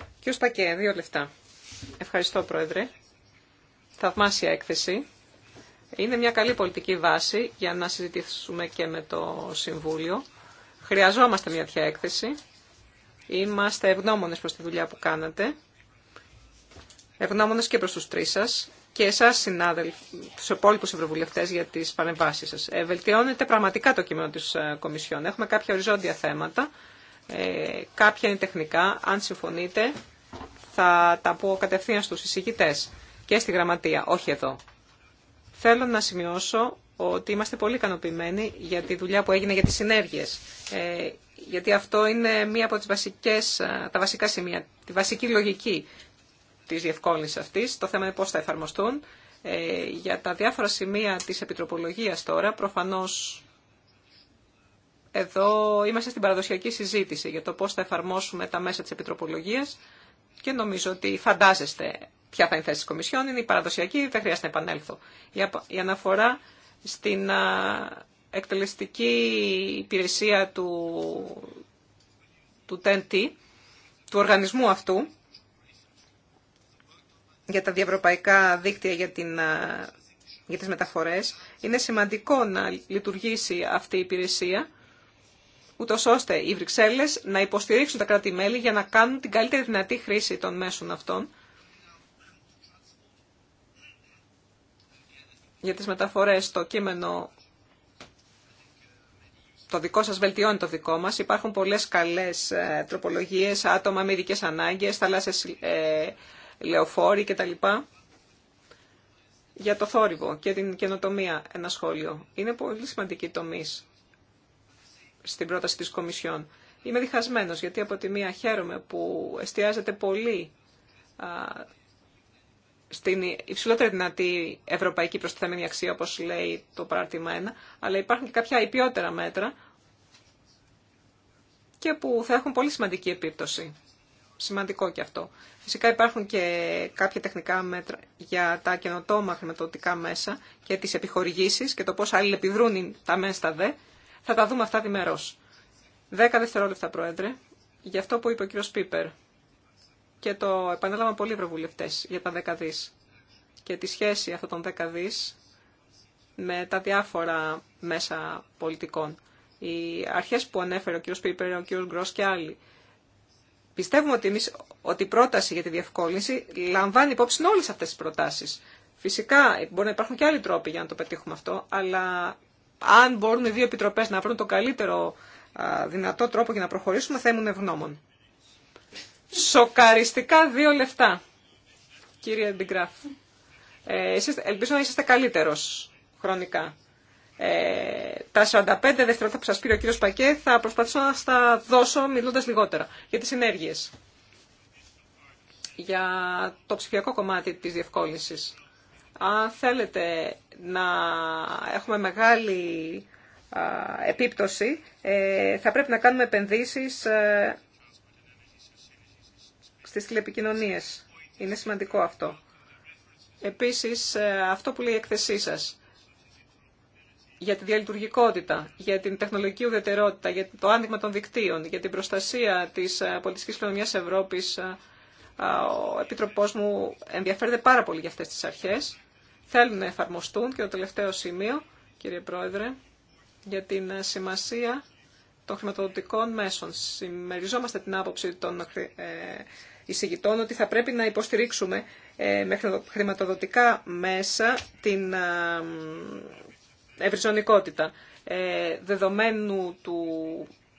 Ο κύριος Πακέ, δύο λεφτά. Ευχαριστώ, Πρόεδρε. Θαυμάσια έκθεση. Είναι μια καλή πολιτική βάση για να συζητήσουμε και με το Συμβούλιο. Χρειαζόμαστε μια τέτοια έκθεση Είμαστε ευγνώμονες προς τη δουλειά που κάνατε. Ευγνώμονες και προς τους τρεις σας και εσάς συνάδελφοι, τους υπόλοιπους ευρωβουλευτές για τις παρεμβάσεις σας. Ε, βελτιώνεται πραγματικά το κείμενο της ε, Κομισιόν. Έχουμε κάποια οριζόντια θέματα, ε, κάποια είναι τεχνικά. Αν συμφωνείτε θα τα πω κατευθείαν στους εισηγητές και στη γραμματεία, όχι εδώ. Θέλω να σημειώσω ότι είμαστε πολύ ικανοποιημένοι για τη δουλειά που έγινε για τις συνέργειες. Ε, γιατί αυτό είναι μία από τις βασικές, ε, τα βασικά σημεία, τη βασική λογική της διευκόλυνσης αυτής. Το θέμα είναι πώς θα εφαρμοστούν. Ε, για τα διάφορα σημεία της επιτροπολογίας τώρα, προφανώς εδώ είμαστε στην παραδοσιακή συζήτηση για το πώς θα εφαρμόσουμε τα μέσα της επιτροπολογίας και νομίζω ότι φαντάζεστε ποια θα είναι η θέση της Κομισιόν. Είναι η παραδοσιακή, δεν χρειάζεται να επανέλθω. Η αναφορά στην εκτελεστική υπηρεσία του, του TNT, του οργανισμού αυτού, για τα διευρωπαϊκά δίκτυα για, την, για τις μεταφορές. Είναι σημαντικό να λειτουργήσει αυτή η υπηρεσία, ούτω ώστε οι Βρυξέλλες να υποστηρίξουν τα κράτη-μέλη για να κάνουν την καλύτερη δυνατή χρήση των μέσων αυτών για τις μεταφορές το κείμενο το δικό σας βελτιώνει το δικό μας. Υπάρχουν πολλές καλές ε, τροπολογίες, άτομα με ειδικές ανάγκες, θαλάσσες, ε, λεωφόροι κτλ. Για το θόρυβο και την καινοτομία ένα σχόλιο. Είναι πολύ σημαντική τομή στην πρόταση της Κομισιόν. Είμαι διχασμένος γιατί από τη μία χαίρομαι που εστιάζεται πολύ στην υψηλότερη δυνατή ευρωπαϊκή προστιθέμενη αξία, όπως λέει το παράρτημα 1, αλλά υπάρχουν και κάποια υπιότερα μέτρα και που θα έχουν πολύ σημαντική επίπτωση. Σημαντικό και αυτό. Φυσικά υπάρχουν και κάποια τεχνικά μέτρα για τα καινοτόμα χρηματοδοτικά μέσα και τις επιχορηγήσεις και το πώς αλληλεπιδρούν τα μέσα στα δε. Θα τα δούμε αυτά διμερώς. Δέκα δευτερόλεπτα, Πρόεδρε, για αυτό που είπε ο κύριος Πίπερ και το επανέλαβαν πολλοί ευρωβουλευτέ για τα δεκαδεί και τη σχέση αυτών των δεκαδεί με τα διάφορα μέσα πολιτικών. Οι αρχέ που ανέφερε ο κ. Πίπερ, ο κ. Γκρό και άλλοι. Πιστεύουμε ότι, εμείς, ότι η πρόταση για τη διευκόλυνση λαμβάνει υπόψη όλε αυτέ τι προτάσει. Φυσικά μπορεί να υπάρχουν και άλλοι τρόποι για να το πετύχουμε αυτό, αλλά αν μπορούν οι δύο επιτροπέ να βρουν τον καλύτερο δυνατό τρόπο για να προχωρήσουμε, θα ήμουν ευγνώμων. Σοκαριστικά δύο λεφτά, κύριε Ντιγκράφ. Ε, ελπίζω να είστε καλύτερος χρονικά. Ε, τα 45 δευτερόλεπτα που σα πήρε ο κύριο Πακέ θα προσπαθήσω να στα δώσω μιλώντας λιγότερα για τις ενέργειες. Για το ψηφιακό κομμάτι της διευκόλυνση. Αν θέλετε να έχουμε μεγάλη α, επίπτωση, ε, θα πρέπει να κάνουμε επενδύσεις ε, στις τηλεπικοινωνίες. Είναι σημαντικό αυτό. Επίσης, ε, αυτό που λέει η εκθεσή σας για τη διαλειτουργικότητα, για την τεχνολογική ουδετερότητα, για το άνοιγμα των δικτύων, για την προστασία της ε, πολιτικής κοινωνίας Ευρώπης, ε, ο Επιτροπός μου ενδιαφέρεται πάρα πολύ για αυτές τις αρχές. Θέλουν να εφαρμοστούν και το τελευταίο σημείο, κύριε Πρόεδρε, για την σημασία των χρηματοδοτικών μέσων. Συμμεριζόμαστε την άποψη των εισηγητών ότι θα πρέπει να υποστηρίξουμε ε, με χρηματοδοτικά μέσα την ε, ευρυζωνικότητα ε, δεδομένου του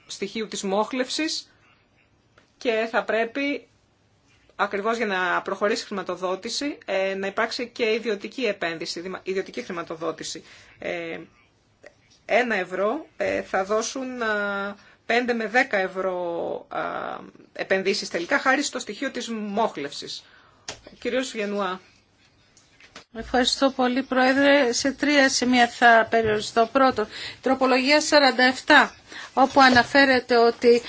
στοιχείου της μόχλευσης και θα πρέπει ακριβώς για να προχωρήσει η χρηματοδότηση να υπάρξει και ιδιωτική επένδυση, ιδιωτική χρηματοδότηση. Ένα ευρώ θα δώσουν 5 με 10 ευρώ επενδύσεις τελικά χάρη στο στοιχείο της μόχλευσης. κύριος Ευχαριστώ πολύ Πρόεδρε. Σε τρία σημεία θα περιοριστώ. Πρώτο, τροπολογία 47 όπου αναφέρεται ότι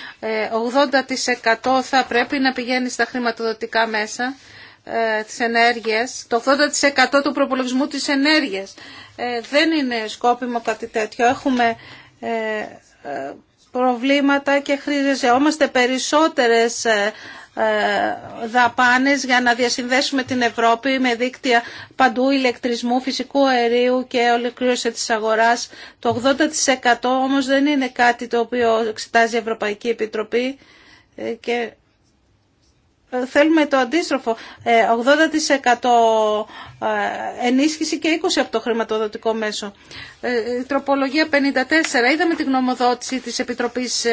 80% ε, θα πρέπει να πηγαίνει στα χρηματοδοτικά μέσα ε, της ενέργειας, το 80% του προπολογισμού της ενέργειας. Ε, δεν είναι σκόπιμο κάτι τέτοιο. Έχουμε προβλήματα και χρειαζόμαστε περισσότερες ε, ε, δαπάνες για να διασυνδέσουμε την Ευρώπη με δίκτυα παντού ηλεκτρισμού, φυσικού αερίου και ολοκλήρωση της αγοράς. Το 80% όμως δεν είναι κάτι το οποίο εξετάζει η Ευρωπαϊκή Επιτροπή ε, και θέλουμε το αντίστροφο, 80% ε, ε, ενίσχυση και 20% από το χρηματοδοτικό μέσο. Η ε, τροπολογία 54, είδαμε την γνωμοδότηση της Επιτροπής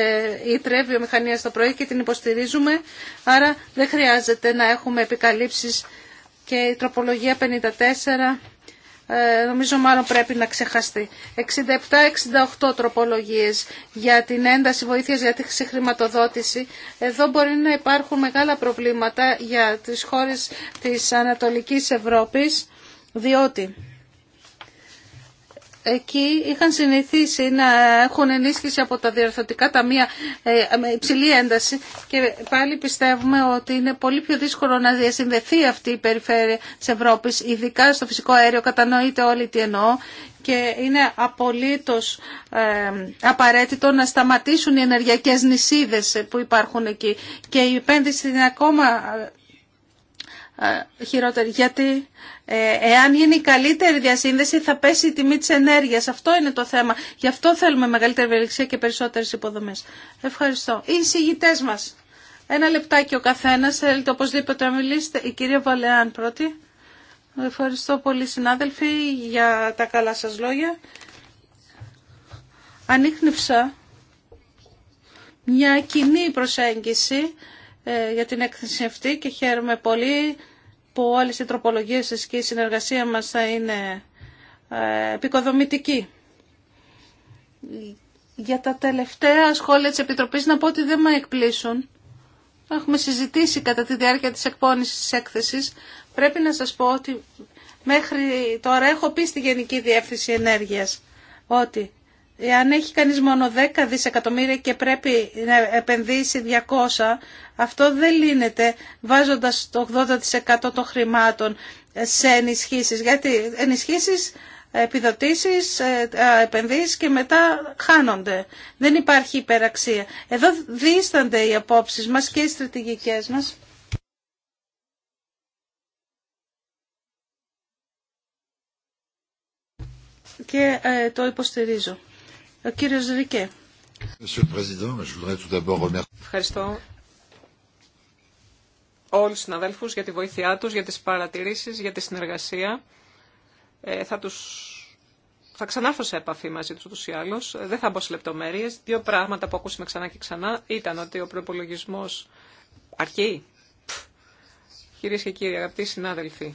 ΙΤΡΕ, μηχανισμός το πρωί και την υποστηρίζουμε, άρα δεν χρειάζεται να έχουμε επικαλύψεις και η τροπολογία 54 ε, νομίζω μάλλον πρέπει να ξεχαστεί. 67-68 τροπολογίες για την ένταση βοήθειας για τη χρηματοδότηση. Εδώ μπορεί να υπάρχουν μεγάλα προβλήματα για τις χώρες της Ανατολικής Ευρώπης, διότι εκεί είχαν συνηθίσει να έχουν ενίσχυση από τα διορθωτικά ταμεία ε, με υψηλή ένταση και πάλι πιστεύουμε ότι είναι πολύ πιο δύσκολο να διασυνδεθεί αυτή η περιφέρεια της Ευρώπης, ειδικά στο φυσικό αέριο, κατανοείται όλοι τι εννοώ και είναι απολύτως ε, απαραίτητο να σταματήσουν οι ενεργειακές νησίδες που υπάρχουν εκεί και η επένδυση είναι ακόμα ε, χειρότερη. Γιατί ε, εάν γίνει καλύτερη διασύνδεση θα πέσει η τιμή της ενέργειας. Αυτό είναι το θέμα. Γι' αυτό θέλουμε μεγαλύτερη ευελιξία και περισσότερες υποδομές. Ευχαριστώ. Οι εισηγητές μας. Ένα λεπτάκι ο καθένας. Θέλετε οπωσδήποτε να μιλήσετε. Η κυρία Βαλεάν πρώτη. Ευχαριστώ πολύ συνάδελφοι για τα καλά σας λόγια. Ανείχνευσα μια κοινή προσέγγιση ε, για την έκθεση αυτή και χαίρομαι πολύ που όλες οι τροπολογίες και η συνεργασία μας θα είναι ε, επικοδομητική. Για τα τελευταία σχόλια της Επιτροπής να πω ότι δεν με εκπλήσουν. Έχουμε συζητήσει κατά τη διάρκεια της εκπόνησης της έκθεσης. Πρέπει να σας πω ότι μέχρι τώρα έχω πει στη Γενική Διεύθυνση Ενέργειας ότι Εάν έχει κανείς μόνο 10 δισεκατομμύρια και πρέπει να επενδύσει 200, αυτό δεν λύνεται βάζοντας το 80% των χρημάτων σε ενισχύσεις. Γιατί ενισχύσεις, επιδοτήσεις, ε, ε, επενδύσεις και μετά χάνονται. Δεν υπάρχει υπεραξία. Εδώ δίστανται οι απόψεις μας και οι στρατηγικές μας. Και ε, το υποστηρίζω. Ο κύριος Ρικέ. Ευχαριστώ όλους τους συναδέλφους για τη βοήθειά τους, για τις παρατηρήσεις, για τη συνεργασία. Ε, θα, τους... θα ξανάρθω σε επαφή μαζί τους ούτως ή άλλως. Ε, δεν θα μπω σε λεπτομέρειες. Δύο πράγματα που ακούσαμε ξανά και ξανά ήταν ότι ο προπολογισμό αρκεί. Κυρίες και κύριοι, αγαπητοί συνάδελφοι,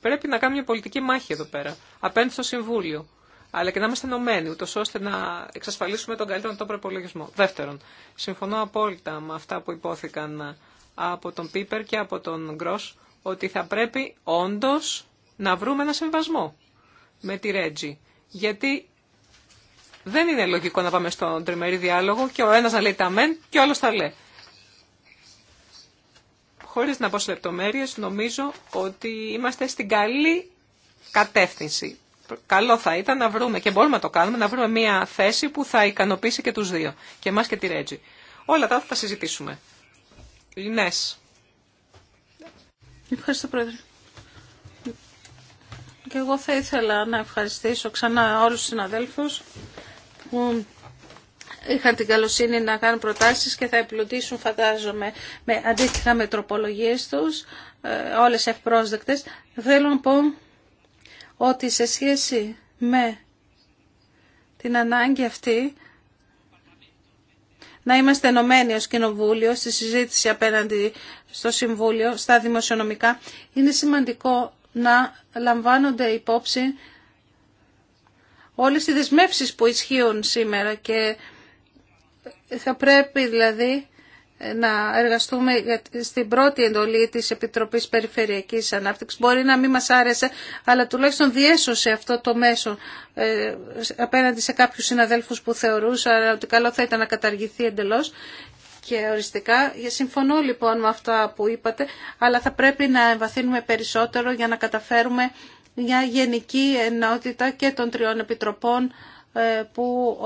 πρέπει να κάνουμε μια πολιτική μάχη εδώ πέρα, απέναντι στο Συμβούλιο, αλλά και να είμαστε ενωμένοι, ούτως ώστε να εξασφαλίσουμε τον καλύτερο τον προπολογισμό. Δεύτερον, συμφωνώ απόλυτα με αυτά που υπόθηκαν από τον Πίπερ και από τον Γκρός, ότι θα πρέπει όντως να βρούμε ένα συμβασμό με τη Ρέτζη. Γιατί δεν είναι λογικό να πάμε στον τριμερή διάλογο και ο ένας να λέει τα μεν και ο άλλος τα λέει. Χωρίς να πω σε λεπτομέρειες, νομίζω ότι είμαστε στην καλή κατεύθυνση καλό θα ήταν να βρούμε, και μπορούμε να το κάνουμε, να βρούμε μια θέση που θα ικανοποιήσει και τους δύο, και εμάς και τη Ρέτζη. Όλα τα θα τα συζητήσουμε. Λινές. Ευχαριστώ, Πρόεδρε. Και εγώ θα ήθελα να ευχαριστήσω ξανά όλους τους συναδέλφους που είχαν την καλοσύνη να κάνουν προτάσεις και θα επιλουτίσουν φαντάζομαι με αντίστοιχα με τους, ε, όλες ευπρόσδεκτες. Θέλω να πω ότι σε σχέση με την ανάγκη αυτή να είμαστε ενωμένοι ως Κοινοβούλιο στη συζήτηση απέναντι στο Συμβούλιο, στα δημοσιονομικά, είναι σημαντικό να λαμβάνονται υπόψη όλες οι δεσμεύσεις που ισχύουν σήμερα και θα πρέπει δηλαδή να εργαστούμε στην πρώτη εντολή της Επιτροπής Περιφερειακής Ανάπτυξης. Μπορεί να μην μας άρεσε, αλλά τουλάχιστον διέσωσε αυτό το μέσο ε, απέναντι σε κάποιους συναδέλφους που θεωρούσαν ότι καλό θα ήταν να καταργηθεί εντελώς και οριστικά. Συμφωνώ λοιπόν με αυτά που είπατε, αλλά θα πρέπει να εμβαθύνουμε περισσότερο για να καταφέρουμε μια γενική ενότητα και των τριών επιτροπών ε, που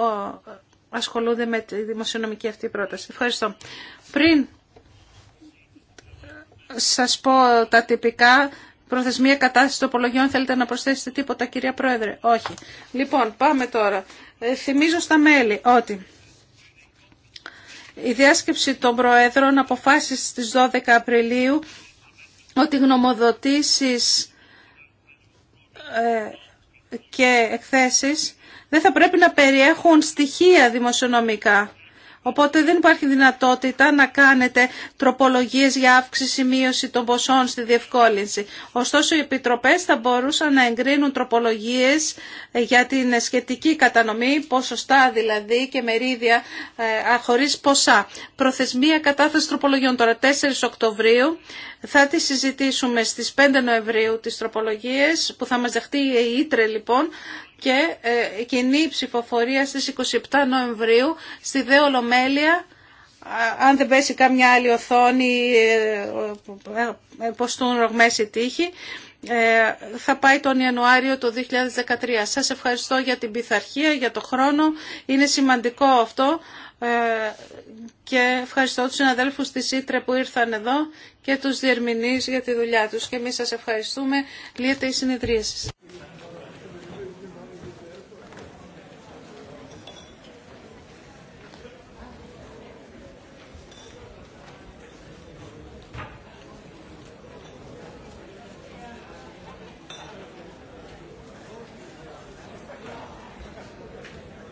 ασχολούνται με τη δημοσιονομική αυτή πρόταση. Ευχαριστώ. Πριν σας πω τα τυπικά, προθεσμία κατάσταση τοπολογιών, θέλετε να προσθέσετε τίποτα κυρία Πρόεδρε. Όχι. Λοιπόν, πάμε τώρα. Ε, θυμίζω στα μέλη ότι... Η διάσκεψη των Προέδρων αποφάσισε στις 12 Απριλίου ότι γνωμοδοτήσεις ε, και εκθέσεις δεν θα πρέπει να περιέχουν στοιχεία δημοσιονομικά. Οπότε δεν υπάρχει δυνατότητα να κάνετε τροπολογίες για αύξηση μείωση των ποσών στη διευκόλυνση. Ωστόσο οι επιτροπές θα μπορούσαν να εγκρίνουν τροπολογίες ε, για την σχετική κατανομή, ποσοστά δηλαδή και μερίδια ε, χωρίς ποσά. Προθεσμία κατάθεση τροπολογιών τώρα 4 Οκτωβρίου θα τη συζητήσουμε στις 5 Νοεμβρίου τις τροπολογίες που θα μας δεχτεί η Ήτρε λοιπόν και ε, κοινή ψηφοφορία στις 27 Νοεμβρίου στη ΔΕΟ αν δεν πέσει καμιά άλλη οθόνη, ε, ε, ε, ποστούν ρογμές οι τείχοι, θα πάει τον Ιανουάριο το 2013. Σας ευχαριστώ για την πειθαρχία, για το χρόνο. Είναι σημαντικό αυτό ε, και ευχαριστώ τους συναδέλφους της Ήτρε που ήρθαν εδώ και τους διερμηνείς για τη δουλειά τους. Και εμείς σας ευχαριστούμε. Λύεται η συνεδρία σας.